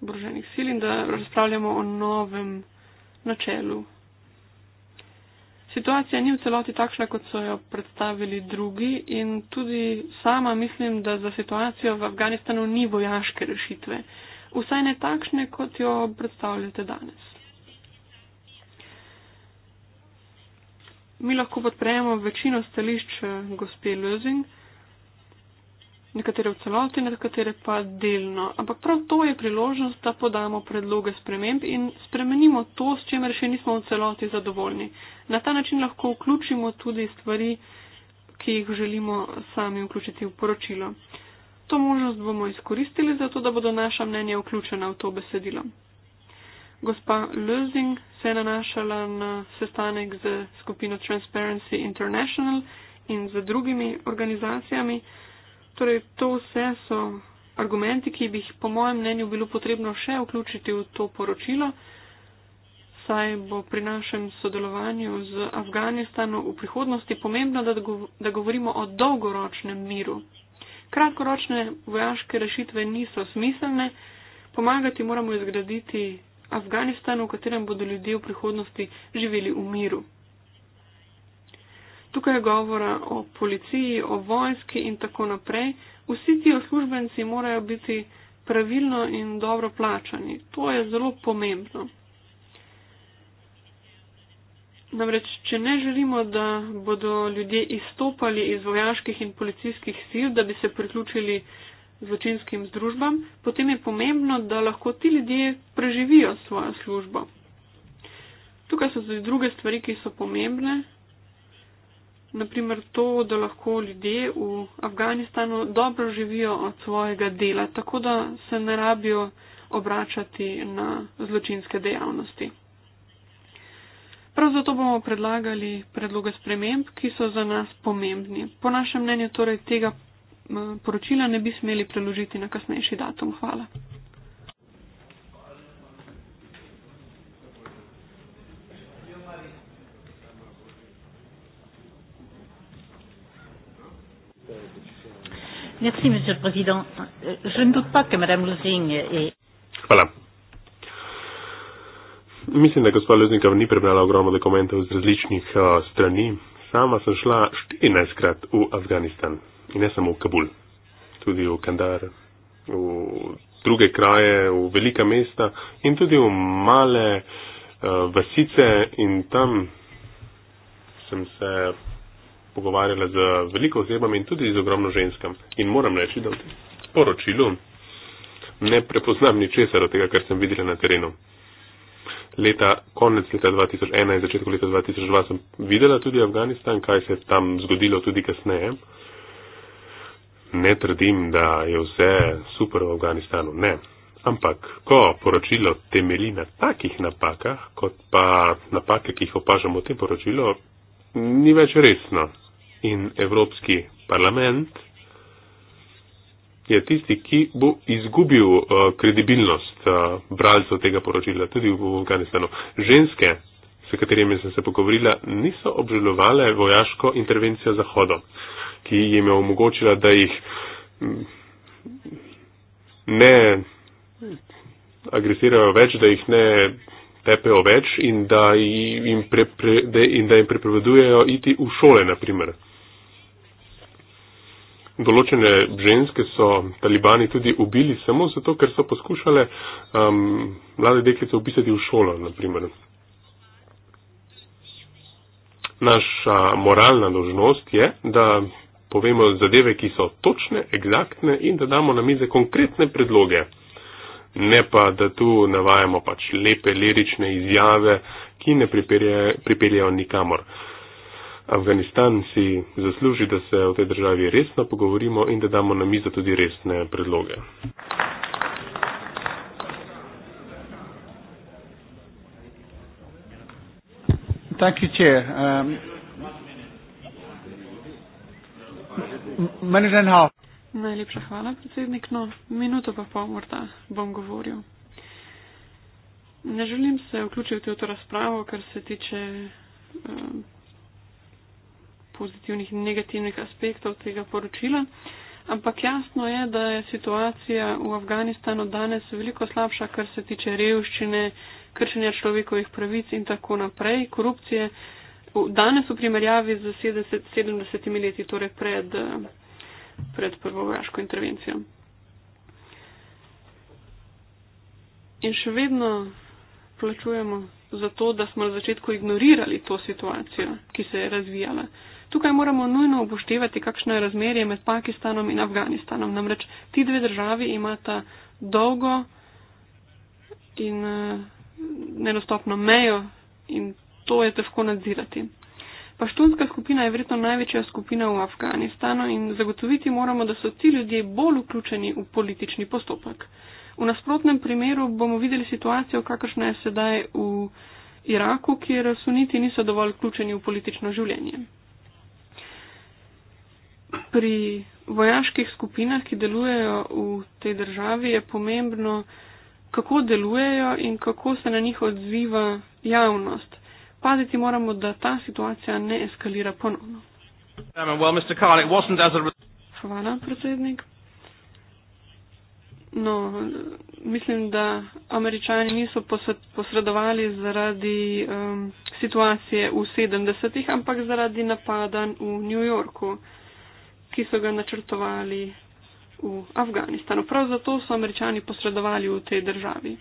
Boženih sil in da razpravljamo o novem načelu. Situacija ni v celoti takšna, kot so jo predstavili drugi in tudi sama mislim, da za situacijo v Afganistanu ni vojaške rešitve. Eh, vsaj ne takšne, kot jo predstavljate danes. Mi lahko podprejemo večino stališč eh, gospe Lözing, nekatere v celoti, nekatere pa delno. Ampak prav to je priložnost, da podamo predloge sprememb in spremenimo to, s čemer še nismo v celoti zadovoljni. Na ta način lahko vključimo tudi stvari, ki jih želimo sami vključiti v poročilo. To možnost bomo izkoristili zato, da bodo naša mnenja vključena v to besedilo. Gospa Lözing se je nanašala na sestanek z skupino Transparency International in z drugimi organizacijami. Torej, to vse so argumenti, ki bi jih po mojem mnenju bilo potrebno še vključiti v to poročilo, saj bo pri našem sodelovanju z Afganistanom v prihodnosti pomembno, da govorimo o dolgoročnem miru Kratkoročne vojaške rešitve niso smiselne, pomagati moramo izgraditi Afganistan, v katerem bodo ljudje v prihodnosti živeli v miru. Tukaj je govora o policiji, o vojski in tako naprej. Vsi ti oslužbenci morajo biti pravilno in dobro plačani. To je zelo pomembno. Namreč, če ne želimo, da bodo ljudje izstopali iz vojaških in policijskih sil, da bi se priključili zločinskim združbam, potem je pomembno, da lahko ti ljudje preživijo svojo službo. Tukaj so tudi druge stvari, ki so pomembne. Naprimer to, da lahko ljudje v Afganistanu dobro živijo od svojega dela, tako da se ne rabijo obračati na zločinske dejavnosti. Prav zato bomo predlagali predloge sprememb, ki so za nas pomembni. Po našem mnenju torej tega poročila ne bi smeli preložiti na kasnejši datum. Hvala. Merci, Monsieur le Président. Je ne doute pas que Madame Lusing est. Voilà mislim, da gospod Leznikov ni prebrala ogromno dokumentov z različnih uh, strani. Sama sem šla 14krat v Afganistan in ne samo v Kabul, tudi v Kandar, v druge kraje, v velika mesta in tudi v male uh, vasice in tam sem se pogovarjala z veliko osebami in tudi z ogromno ženskam. In moram reči, da v tem poročilu ne prepoznam ničesar od tega, kar sem videla na terenu leta, konec leta 2001 in začetku leta 2002 sem videla tudi Afganistan, kaj se je tam zgodilo tudi kasneje. Ne trdim, da je vse super v Afganistanu, ne. Ampak, ko poročilo temeli na takih napakah, kot pa napake, ki jih opažamo v tem poročilu, ni več resno. In Evropski parlament je tisti, ki bo izgubil uh, kredibilnost uh, bralcev tega poročila, tudi v Afganistanu. Ženske, s katerimi sem se pogovorila, niso obžalovale vojaško intervencijo Zahoda, ki jim je omogočila, da jih mm, ne agresirajo več, da jih ne tepejo več in da jim, pre, pre, da, in da jim prepovedujejo iti v šole, naprimer določene ženske so talibani tudi ubili samo zato, ker so poskušale um, mlade deklice upisati v šolo, naprimer. Naša moralna dožnost je, da povemo zadeve, ki so točne, egzaktne in da damo na mize konkretne predloge. Ne pa, da tu navajamo pač lepe lirične izjave, ki ne pripeljajo nikamor. Afganistan si zasluži, da se o tej državi resno pogovorimo in da damo na mizo tudi resne predloge. Thank you, Chair. Um, minute and a half. Najlepša hvala, predsednik. No, minuto pa pol morda bom govoril. Ne želim se vključiti v to razpravo, kar se tiče um, pozitivnih in negativnih aspektov tega poročila. Ampak jasno je, da je situacija v Afganistanu danes veliko slabša, kar se tiče revščine, kršenja človekovih pravic in tako naprej, korupcije. Danes v primerjavi z 70, 70 leti, torej pred, pred prvo vojaško intervencijo. In še vedno plačujemo za to, da smo na začetku ignorirali to situacijo, ki se je razvijala. Tukaj moramo nujno upoštevati, kakšno je razmerje med Pakistanom in Afganistanom. Namreč ti dve državi imata dolgo in uh, nedostopno mejo in to je težko nadzirati. Paštunska skupina je verjetno največja skupina v Afganistanu in zagotoviti moramo, da so ti ljudje bolj vključeni v politični postopek. V nasprotnem primeru bomo videli situacijo, kakršna je sedaj v Iraku, kjer suniti niso dovolj vključeni v politično življenje pri vojaških skupinah, ki delujejo v tej državi, je pomembno, kako delujejo in kako se na njih odziva javnost. Paziti moramo, da ta situacija ne eskalira ponovno. Hvala, predsednik. No, mislim, da američani niso posredovali zaradi um, situacije v 70-ih, ampak zaradi napadanj v New Yorku ki so ga načrtovali v Afganistanu. Prav zato so američani posredovali v tej državi.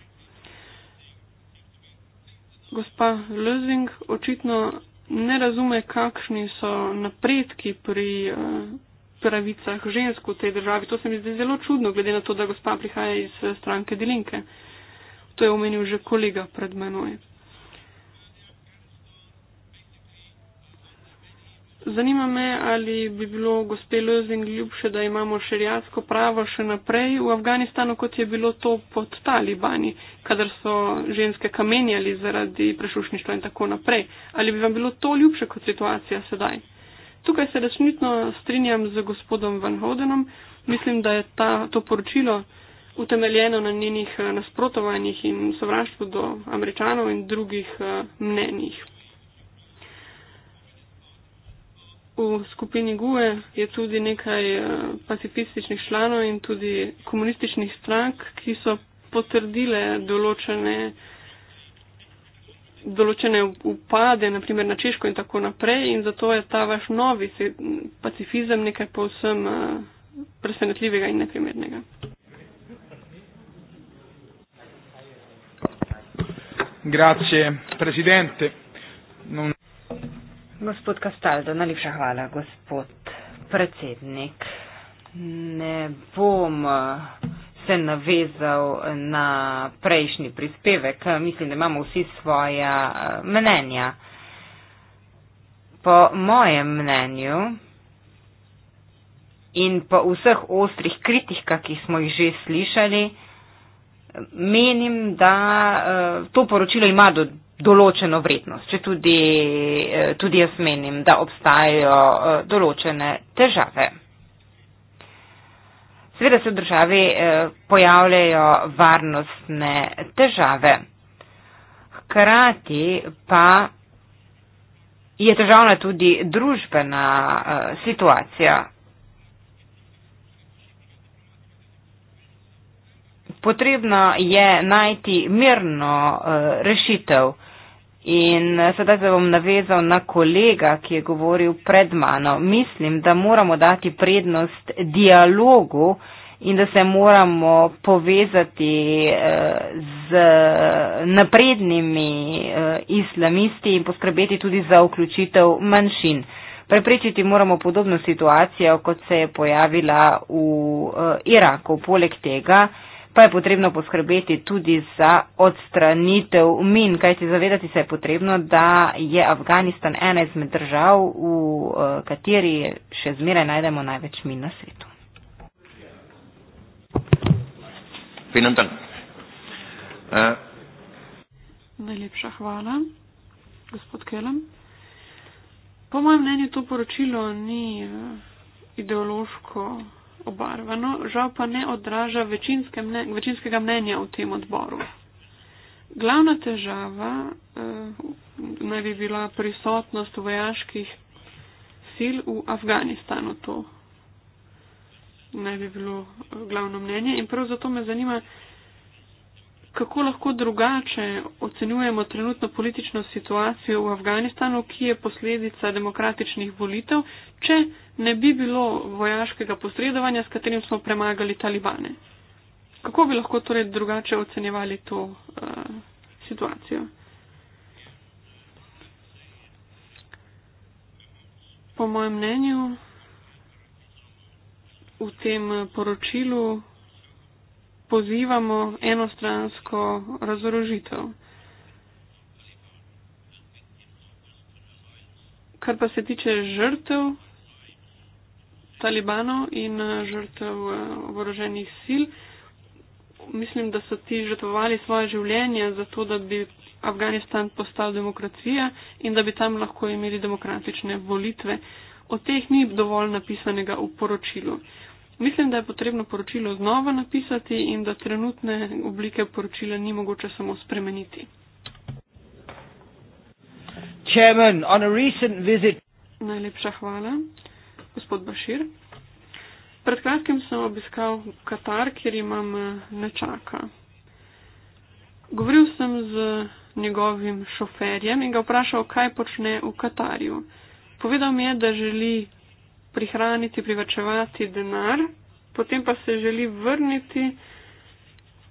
Gospa Lözing očitno ne razume, kakšni so napredki pri eh, pravicah žensk v tej državi. To se mi zdi zelo čudno, glede na to, da gospa prihaja iz eh, stranke Dilinke. To je omenil že kolega pred menoj. Zanima me, ali bi bilo gospe Lozin ljubše, da imamo šerijatsko pravo še naprej v Afganistanu, kot je bilo to pod talibani, kadar so ženske kamenjali zaradi prešušništva in tako naprej. Ali bi vam bilo to ljubše kot situacija sedaj? Tukaj se resnično strinjam z gospodom Van Hodenom. Mislim, da je ta, to poročilo utemeljeno na njenih eh, nasprotovanjih in sovraštvu do američanov in drugih eh, mnenjih. V skupini GUE je tudi nekaj eh, pacifističnih članov in tudi komunističnih strank, ki so potrdile določene, določene upade, naprimer na Češko in tako naprej. In zato je ta vaš novi pacifizem nekaj povsem eh, presenetljivega in neprimernega. Grazie, presidente. Non... Gospod Kastaldo, najlepša hvala, gospod predsednik. Ne bom eh, se navezal na prejšnji prispevek, mislim, da imamo vsi svoja eh, mnenja. Po mojem mnenju in po vseh ostrih kritikah, ki smo jih že slišali, menim, da eh, to poročilo ima do določeno vrednost, če tudi, eh, tudi jaz menim, da obstajajo eh, določene težave. Seveda se v državi eh, pojavljajo varnostne težave. Hkrati pa je težavna tudi družbena situacija. Potrebno je najti mirno rešitev. In eh, sedaj se bom navezal na kolega, ki je govoril pred mano. Mislim, da moramo dati prednost dialogu in da se moramo povezati eh, z eh, naprednimi islamisti in poskrbeti tudi za vključitev manjšin. Preprečiti moramo podobno situacijo, kot se je pojavila v Iraku. Poleg tega, pa je potrebno poskrbeti tudi za odstranitev min, kajti zavedati se je potrebno, da je Afganistan ena izmed držav, v eh, kateri še zmeraj najdemo največ min na svetu. Eh, Najlepša hvala, gospod Kelem. Po mojem mnenju to poročilo ni eh, ideološko obarvano, žal pa ne odraža večinske mne, večinskega mnenja v tem odboru. Glavna težava eh, naj bi bila prisotnost vojaških sil v Afganistanu. To naj bi bilo eh, glavno mnenje in prav zato me zanima, kako lahko drugače ocenjujemo trenutno politično situacijo v Afganistanu, ki je posledica demokratičnih volitev, če ne bi bilo vojaškega posredovanja, s katerim smo premagali talibane. Kako bi lahko torej drugače ocenjevali to uh, situacijo? Po mojem mnenju, v tem eh, poročilu pozivamo enostransko razorožitev. Kar pa se tiče žrtev talibanov in eh, žrtev eh, oboroženih sil, mislim, da so ti žrtvovali svoje življenje za to, da bi Afganistan postal demokracija in da bi tam lahko imeli demokratične volitve. O teh ni dovolj napisanega v poročilu. Mislim, da je potrebno poročilo znova napisati in da trenutne oblike poročila ni mogoče samo spremeniti. Chairman, on a recent visit. Najlepša hvala, gospod Bašir. Pred kratkim sem obiskal Katar, kjer imam eh, nečaka. Govoril sem z njegovim šoferjem in ga vprašal, kaj počne v Katarju. Povedal mi je, da želi prihraniti, privačevati denar, potem pa se želi vrniti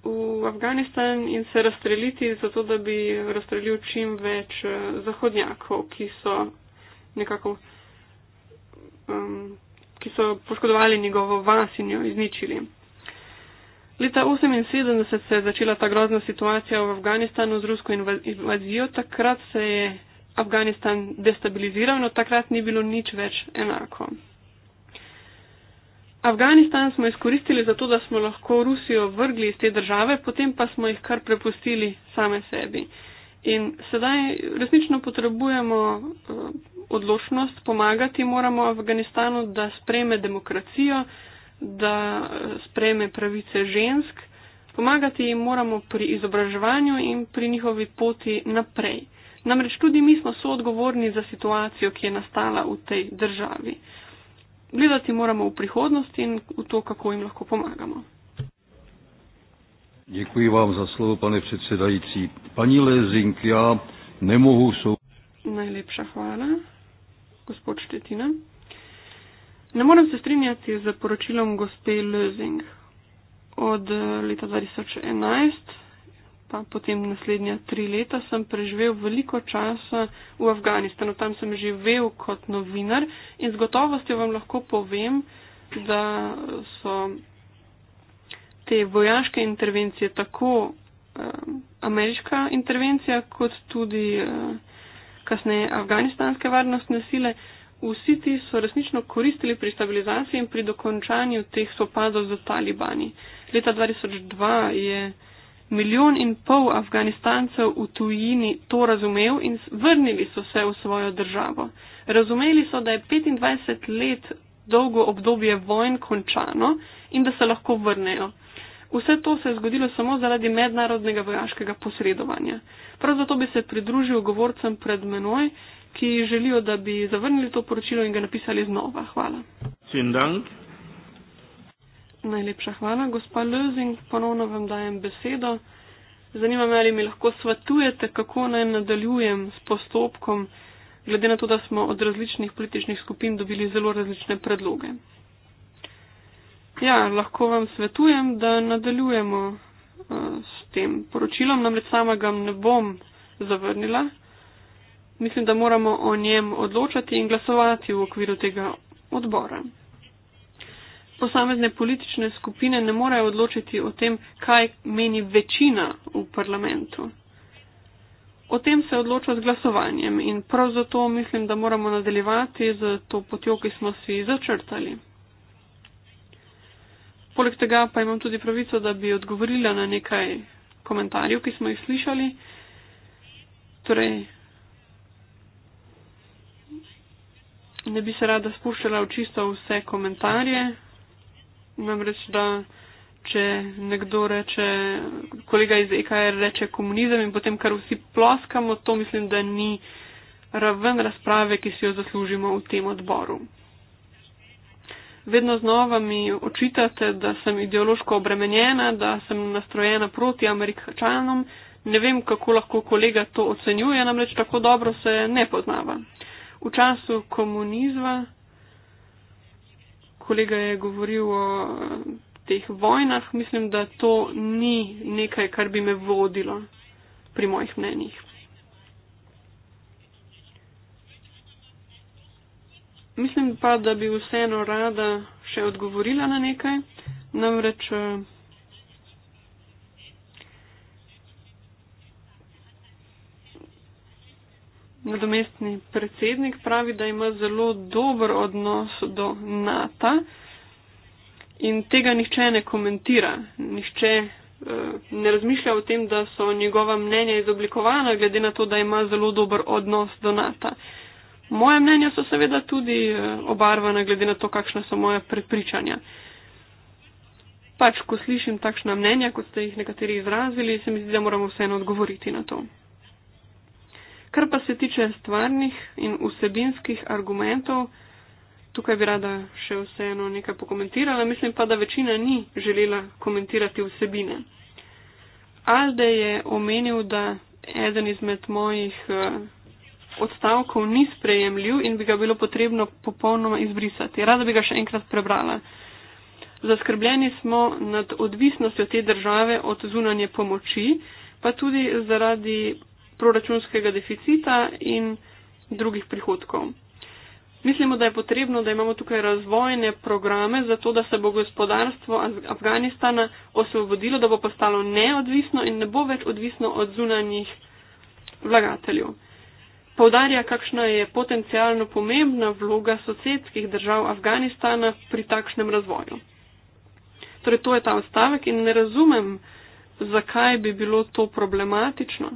v Afganistan in se razstreliti, zato da bi razstrelil čim več eh, zahodnjakov, ki so nekako. Um, ki so poškodovali njegovo vas in jo izničili. Leta 1978 se je začela ta grozna situacija v Afganistanu z rusko invazijo. Takrat se je Afganistan destabiliziral in no od takrat ni bilo nič več enako. Afganistan smo izkoristili zato, da smo lahko Rusijo vrgli iz te države, potem pa smo jih kar prepustili same sebi. In sedaj resnično potrebujemo eh, odločnost, pomagati moramo Afganistanu, da spreme demokracijo, da eh, spreme pravice žensk, pomagati jim moramo pri izobraževanju in pri njihovi poti naprej. Namreč tudi mi smo soodgovorni za situacijo, ki je nastala v tej državi gledati moramo v prihodnost in v to, kako jim lahko pomagamo. Děkuji vám za slovo, pane předsedající. Paní Lezink, já nemohu sou... Najlepša hvala, gospod Štetina. Ne morem se strinjati z poročilom gospe Lezing. Od eh, leta 2011 pa potem naslednja tri leta sem preživel veliko časa v Afganistanu. Tam sem živel kot novinar in z gotovostjo vam lahko povem, da so te vojaške intervencije tako eh, ameriška intervencija, kot tudi eh, kasneje afganistanske varnostne sile. Vsi ti so resnično koristili pri stabilizaciji in pri dokončanju teh sopadov z talibani. Leta 2002 je milijon in pol Afganistancev v tujini to razumev in vrnili so se v svojo državo. Razumeli so, da je 25 let dolgo obdobje vojn končano in da se lahko vrnejo. Vse to se je zgodilo samo zaradi mednarodnega vojaškega posredovanja. Prav zato bi se pridružil govorcem pred menoj, ki želijo, da bi zavrnili to poročilo in ga napisali znova. Hvala. Najlepša hvala, gospa Lözing. Ponovno vam dajem besedo. Zanima me, ali mi lahko svetujete, kako naj nadaljujem s postopkom, glede na to, da smo od različnih političnih skupin dobili zelo različne predloge. Ja, lahko vam svetujem, da nadaljujemo uh, s tem poročilom, namreč sama ga ne bom zavrnila. Mislim, da moramo o njem odločati in glasovati v okviru tega odbora posamezne politične skupine ne morejo odločiti o tem, kaj meni večina v parlamentu. O tem se odloča z glasovanjem in prav zato mislim, da moramo nadaljevati z to potjo, ki smo si začrtali. Poleg tega pa imam tudi pravico, da bi odgovorila na nekaj komentarjev, ki smo jih slišali. Torej, ne bi se rada spuščala v čisto vse komentarje namreč da če nekdo reče, kolega iz EKR reče komunizem in potem kar vsi ploskamo, to mislim, da ni raven razprave, ki si jo zaslužimo v tem odboru. Vedno znova mi očitate, da sem ideološko obremenjena, da sem nastrojena proti američanom. Ne vem, kako lahko kolega to ocenjuje, namreč tako dobro se ne poznava. V času komunizma kolega je govoril o eh, teh vojnah, mislim, da to ni nekaj, kar bi me vodilo pri mojih mnenjih. Mislim pa, da bi vseeno rada še odgovorila na nekaj, namreč. Eh, nadomestni predsednik pravi, da ima zelo dober odnos do NATO in tega nihče ne komentira. Nihče eh, ne razmišlja o tem, da so njegova mnenja izoblikovana, glede na to, da ima zelo dober odnos do NATO. Moje mnenja so seveda tudi eh, obarvana, glede na to, kakšna so moja prepričanja. Pač, ko slišim takšna mnenja, kot ste jih nekateri izrazili, se mi zdi, da moramo vseeno odgovoriti na to. Kar pa se tiče stvarnih in vsebinskih argumentov, tukaj bi rada še vseeno nekaj pokomentirala, mislim pa, da večina ni želela komentirati vsebine. Alde je omenil, da eden izmed mojih eh, odstavkov ni sprejemljiv in bi ga bilo potrebno popolnoma izbrisati. Rada bi ga še enkrat prebrala. Zaskrbljeni smo nad odvisnostjo te države od zunanje pomoči, pa tudi zaradi proračunskega deficita in drugih prihodkov. Mislimo, da je potrebno, da imamo tukaj razvojne programe za to, da se bo gospodarstvo Afganistana osvobodilo, da bo postalo neodvisno in ne bo več odvisno od zunanjih vlagateljev. Povdarja, kakšna je potencijalno pomembna vloga sosedskih držav Afganistana pri takšnem razvoju. Torej, to je ta odstavek in ne razumem, zakaj bi bilo to problematično.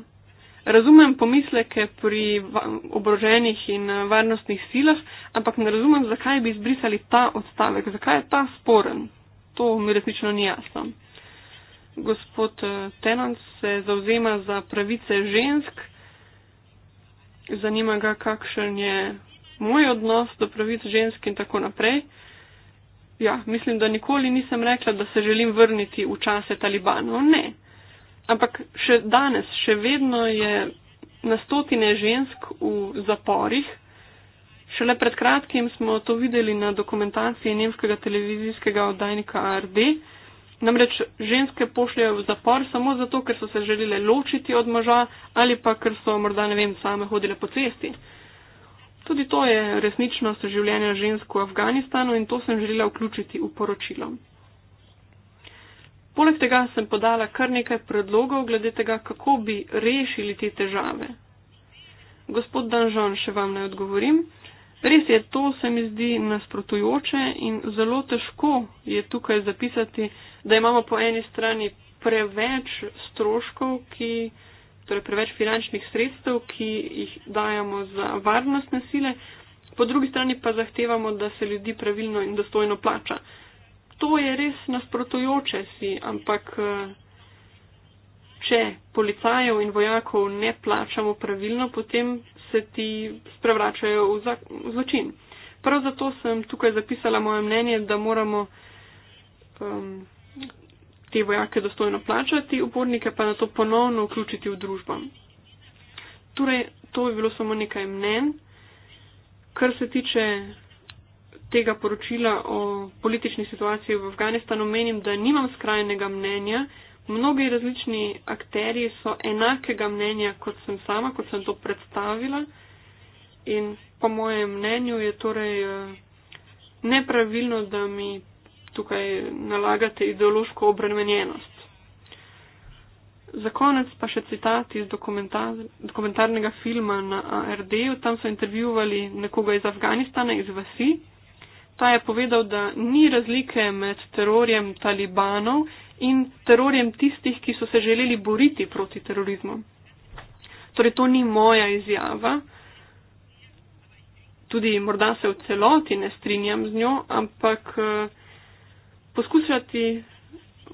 Razumem pomisleke pri oboroženih in eh, varnostnih silah, ampak ne razumem, zakaj bi izbrisali ta odstavek, zakaj je ta sporen. To mi resnično ni jasno. Gospod eh, Tenant se zauzema za pravice žensk, zanima ga, kakšen je moj odnos do pravic žensk in tako naprej. Ja, mislim, da nikoli nisem rekla, da se želim vrniti v čase talibanov. Ne, Ampak še danes, še vedno je na stotine žensk v zaporih. Šele pred kratkim smo to videli na dokumentaciji nemškega televizijskega oddajnika RD. Namreč ženske pošljajo v zapor samo zato, ker so se želele ločiti od moža ali pa ker so morda, ne vem, same hodile po cesti. Tudi to je resničnost življenja žensk v Afganistanu in to sem želela vključiti v poročilo. Poleg tega sem podala kar nekaj predlogov glede tega, kako bi rešili te težave. Gospod Danžon, še vam ne odgovorim. Res je, to se mi zdi nasprotujoče in zelo težko je tukaj zapisati, da imamo po eni strani preveč stroškov, ki, torej preveč finančnih sredstev, ki jih dajamo za varnostne sile, po drugi strani pa zahtevamo, da se ljudi pravilno in dostojno plača to je res nasprotujoče si, ampak eh, če policajev in vojakov ne plačamo pravilno, potem se ti spravračajo v, za, v zločin. Prav zato sem tukaj zapisala moje mnenje, da moramo um, te vojake dostojno plačati, upornike pa na to ponovno vključiti v družbo. Torej, to je bilo samo nekaj mnen. Kar se tiče tega poročila o politični situaciji v Afganistanu menim, da nimam skrajnega mnenja. Mnogi različni akteri so enakega mnenja, kot sem sama, kot sem to predstavila. In po mojem mnenju je torej eh, nepravilno, da mi tukaj nalagate ideološko obremenjenost. Za konec pa še citat iz dokumentar dokumentarnega filma na ARD-ju. Tam so intervjuvali nekoga iz Afganistana, iz vasi. Ta je povedal, da ni razlike med terorjem talibanov in terorjem tistih, ki so se želeli boriti proti terorizmu. Torej, to ni moja izjava. Tudi morda se v celoti ne strinjam z njo, ampak eh, poskušati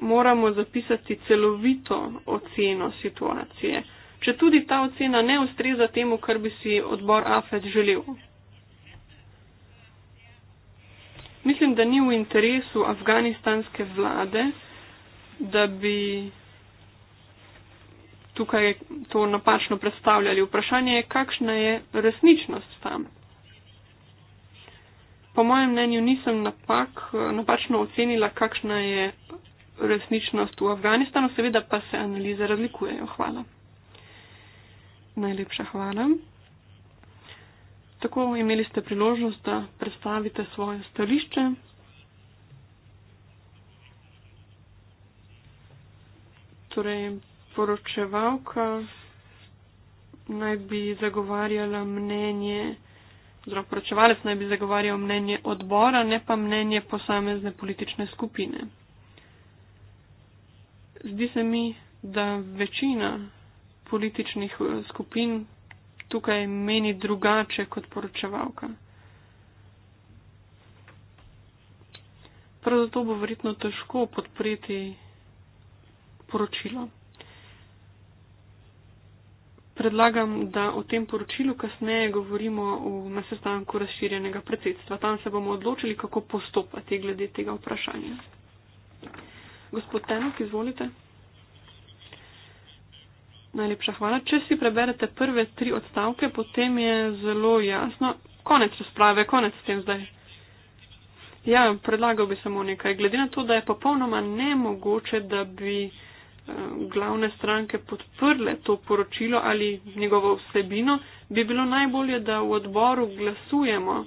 moramo zapisati celovito oceno situacije. Če tudi ta ocena ne ustreza temu, kar bi si odbor AFED želel, mislim, da ni v interesu afganistanske vlade, da bi tukaj to napačno predstavljali. Vprašanje je, kakšna je resničnost tam. Po mojem mnenju nisem napak, napačno ocenila, kakšna je resničnost v Afganistanu, seveda pa se analize razlikujejo. Hvala. Najlepša hvala. Tako imeli ste priložnost, da predstavite svoje stališče. Torej, poročevalka naj bi zagovarjala mnenje, oziroma poročevalec naj bi zagovarjal mnenje odbora, ne pa mnenje posamezne politične skupine. Zdi se mi, da večina političnih eh, skupin tukaj meni drugače kot poročevalka. Prav zato bo verjetno težko podpreti poročilo. Predlagam, da o tem poročilu kasneje govorimo v, na sestanku razširjenega predsedstva. Tam se bomo odločili, kako postopati glede tega vprašanja. Gospod Tenok, izvolite. Najlepša hvala. Če si preberete prve tri odstavke, potem je zelo jasno. Konec razprave, konec s tem zdaj. Ja, predlagal bi samo nekaj. Glede na to, da je popolnoma nemogoče, da bi eh, glavne stranke podprle to poročilo ali njegovo vsebino, bi bilo najbolje, da v odboru glasujemo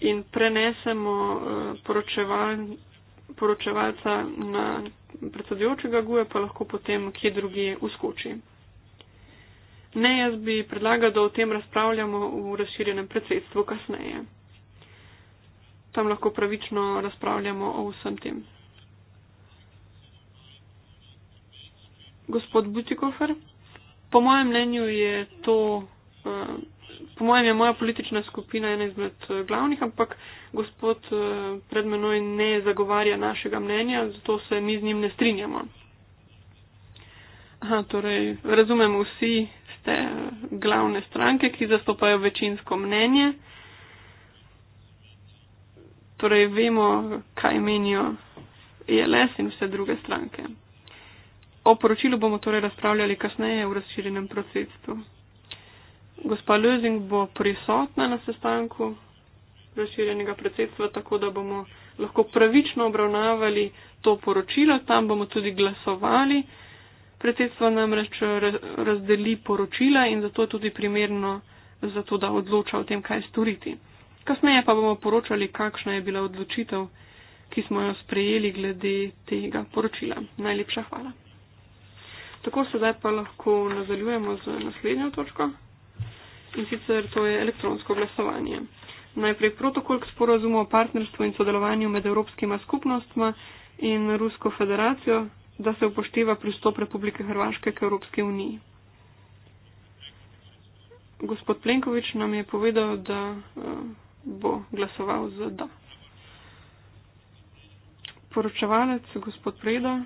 in prenesemo eh, poročevanje poročevalca na predsedujočega guje, pa lahko potem kje drugje uskoči. Ne, jaz bi predlagal, da o tem razpravljamo v razširjenem predsedstvu kasneje. Tam lahko pravično razpravljamo o vsem tem. Gospod Butikofer, po mojem mnenju je to. Uh, po mojem je moja politična skupina ena izmed eh, glavnih, ampak gospod eh, pred menoj ne zagovarja našega mnenja, zato se mi z njim ne strinjamo. Aha, torej, razumemo vsi ste eh, glavne stranke, ki zastopajo večinsko mnenje. Torej, vemo, kaj menijo ILS e in vse druge stranke. O poročilu bomo torej razpravljali kasneje v razširjenem procesu. Gospa Lözing bo prisotna na sestanku razširjenega predsedstva, tako da bomo lahko pravično obravnavali to poročilo. Tam bomo tudi glasovali. Predsedstvo namreč razdeli poročila in zato je tudi primerno za to, da odloča o tem, kaj storiti. Kasneje pa bomo poročali, kakšna je bila odločitev, ki smo jo sprejeli glede tega poročila. Najlepša hvala. Tako sedaj pa lahko nadaljujemo z naslednjo točko in sicer to je elektronsko glasovanje. Najprej protokol k sporozumu o partnerstvu in sodelovanju med evropskima skupnostma in Rusko federacijo, da se upošteva pristop Republike Hrvaške k Evropske uniji. Gospod Plenkovič nam je povedal, da eh, bo glasoval za da. Poročevalec, gospod Preda.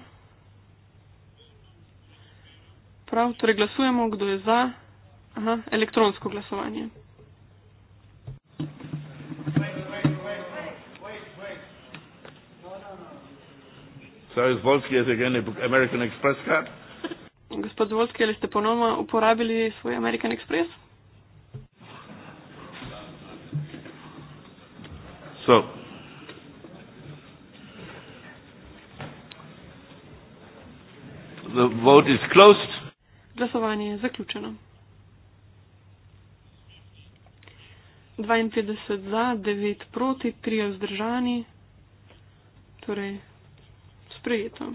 Prav, torej glasujemo, kdo je za, Aha, elektronsko glasovanje. Sorry, Zvolski, is again American Express card. Gospod Zvolski, ali ste ponovno uporabili svoj American Express? So. The vote is closed. Glasovanje je zaključeno. 52 za, 9 proti, 3 vzdržani, torej sprejeto.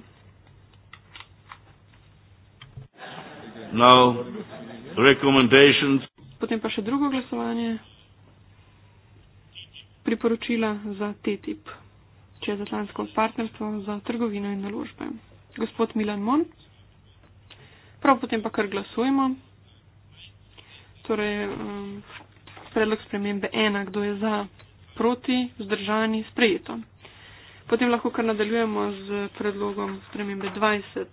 Now, Potem pa še drugo glasovanje, priporočila za TTIP, če je zatlansko partnerstvo za trgovino in naložbe. Gospod Milan Mon, prav potem pa kar glasujemo. Torej, um, predlog spremembe ena, kdo je za, proti, vzdržani, sprejeto. Potem lahko kar nadaljujemo z predlogom spremembe 20,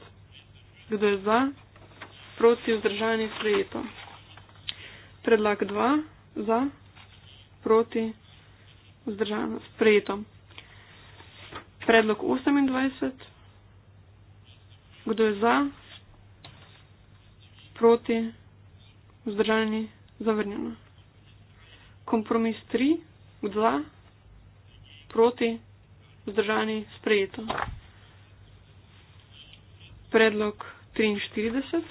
kdo je za, proti, vzdržani, sprejeto. Predlag 2, za, proti, vzdržano, sprejeto. Predlog 28, kdo je za, proti, vzdržani, zavrnjeno kompromis 3, 2, proti, vzdržani, sprejeto. Predlog 43.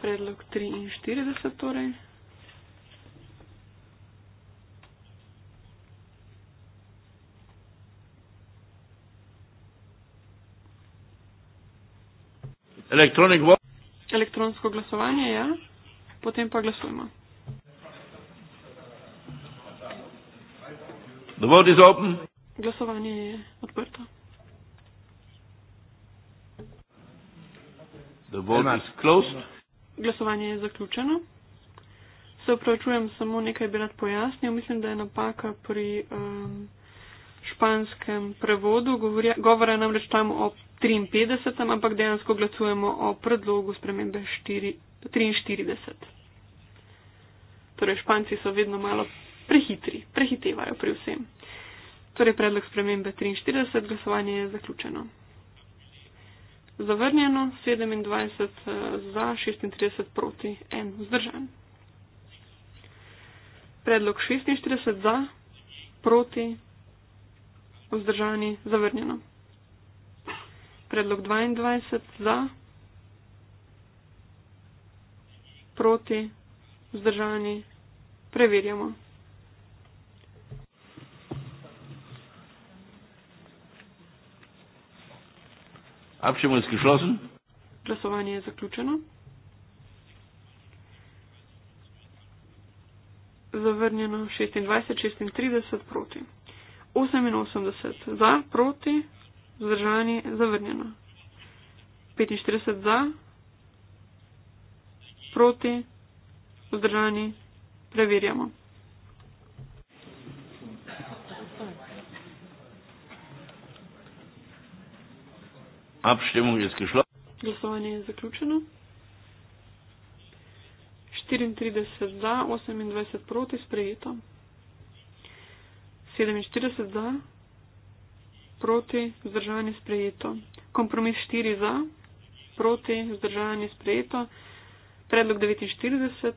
Predlog 43 torej. Elektronsko glasovanje, ja potem pa glasujmo. Glasovanje je odprto. Glasovanje je zaključeno. Se upravičujem, samo nekaj bi rad pojasnil. Mislim, da je napaka pri um, španskem prevodu. Govora je namreč tam o 53, ampak dejansko glasujemo o predlogu spremembe 4 do 43. Torej, Španci so vedno malo prehitri, prehitevajo pri vsem. Torej, predlog spremembe 43, glasovanje je zaključeno. Zavrnjeno 27 eh, za, 36 proti, 1 vzdržan. Predlog 46 za, proti, vzdržani, zavrnjeno. Predlog 22 za, proti, vzdržani, preverjamo. Glasovanje je zaključeno. Zavrnjeno 26, 36 proti. 88 za, proti, vzdržani, zavrnjeno. 45 za proti, vzdržani, preverjamo. Glasovanje je zaključeno. 34 za, 28 proti, sprejeto. 47 za, proti, vzdržanje sprejeto. Kompromis 4 za, proti, vzdržanje sprejeto predlog 49.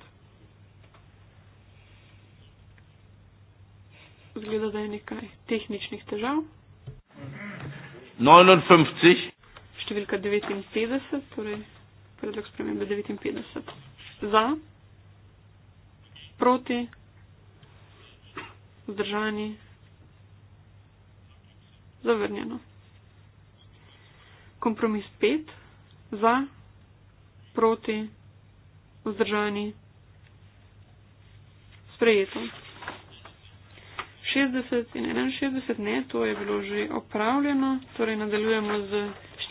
Zgleda, da je nekaj tehničnih težav. 59. Številka 59, torej predlog spremembe 59. Za, proti, vzdržani, zavrnjeno. Kompromis 5. Za, proti, vzdržani. Sprejeto. 60 in 61 ne, to je bilo že opravljeno, torej nadaljujemo z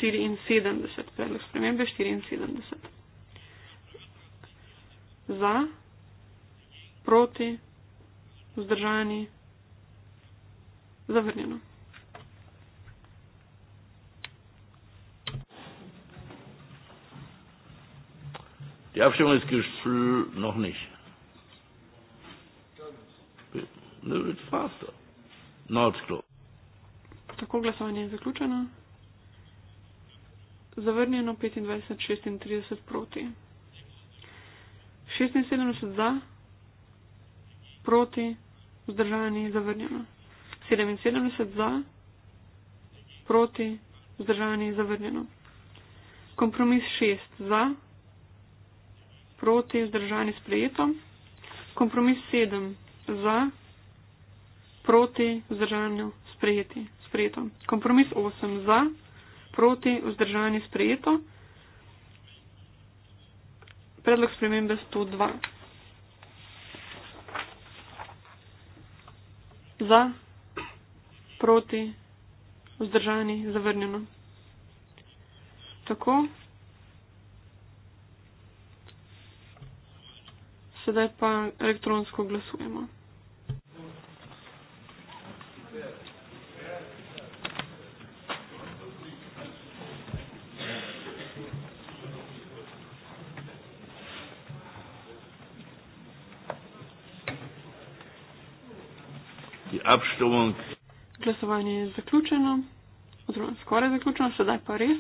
74, predlog spremembe 74. Za, proti, vzdržani, zavrnjeno. Die Abstimmung ist noch nicht. Ne, jetzt fragst du. Nord's Klo. Tako glasovanje je zaključeno. Zavrnjeno 25, 36 proti. 76 za, proti, vzdržani, zavrnjeno. 77 za, proti, vzdržani, zavrnjeno. Kompromis 6 za proti, vzdržani sprejeto. Kompromis 7 za, proti, vzdržani sprejeti, sprejeto. Kompromis 8 za, proti, vzdržani sprejeto. Predlog spremembe 102. Za, proti, vzdržani, zavrnjeno. Tako. sedaj pa elektronsko glasujemo. Glasovanje je zaključeno, oziroma skoraj zaključeno, sedaj pa res.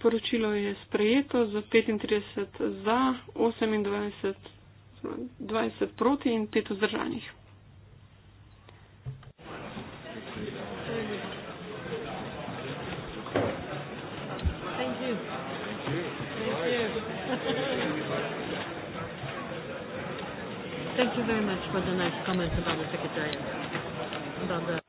Poročilo je sprejeto za 35 za, 28 20 proti in 5 vzdržanih. Thank you very much for the nice comments about the secretary. About the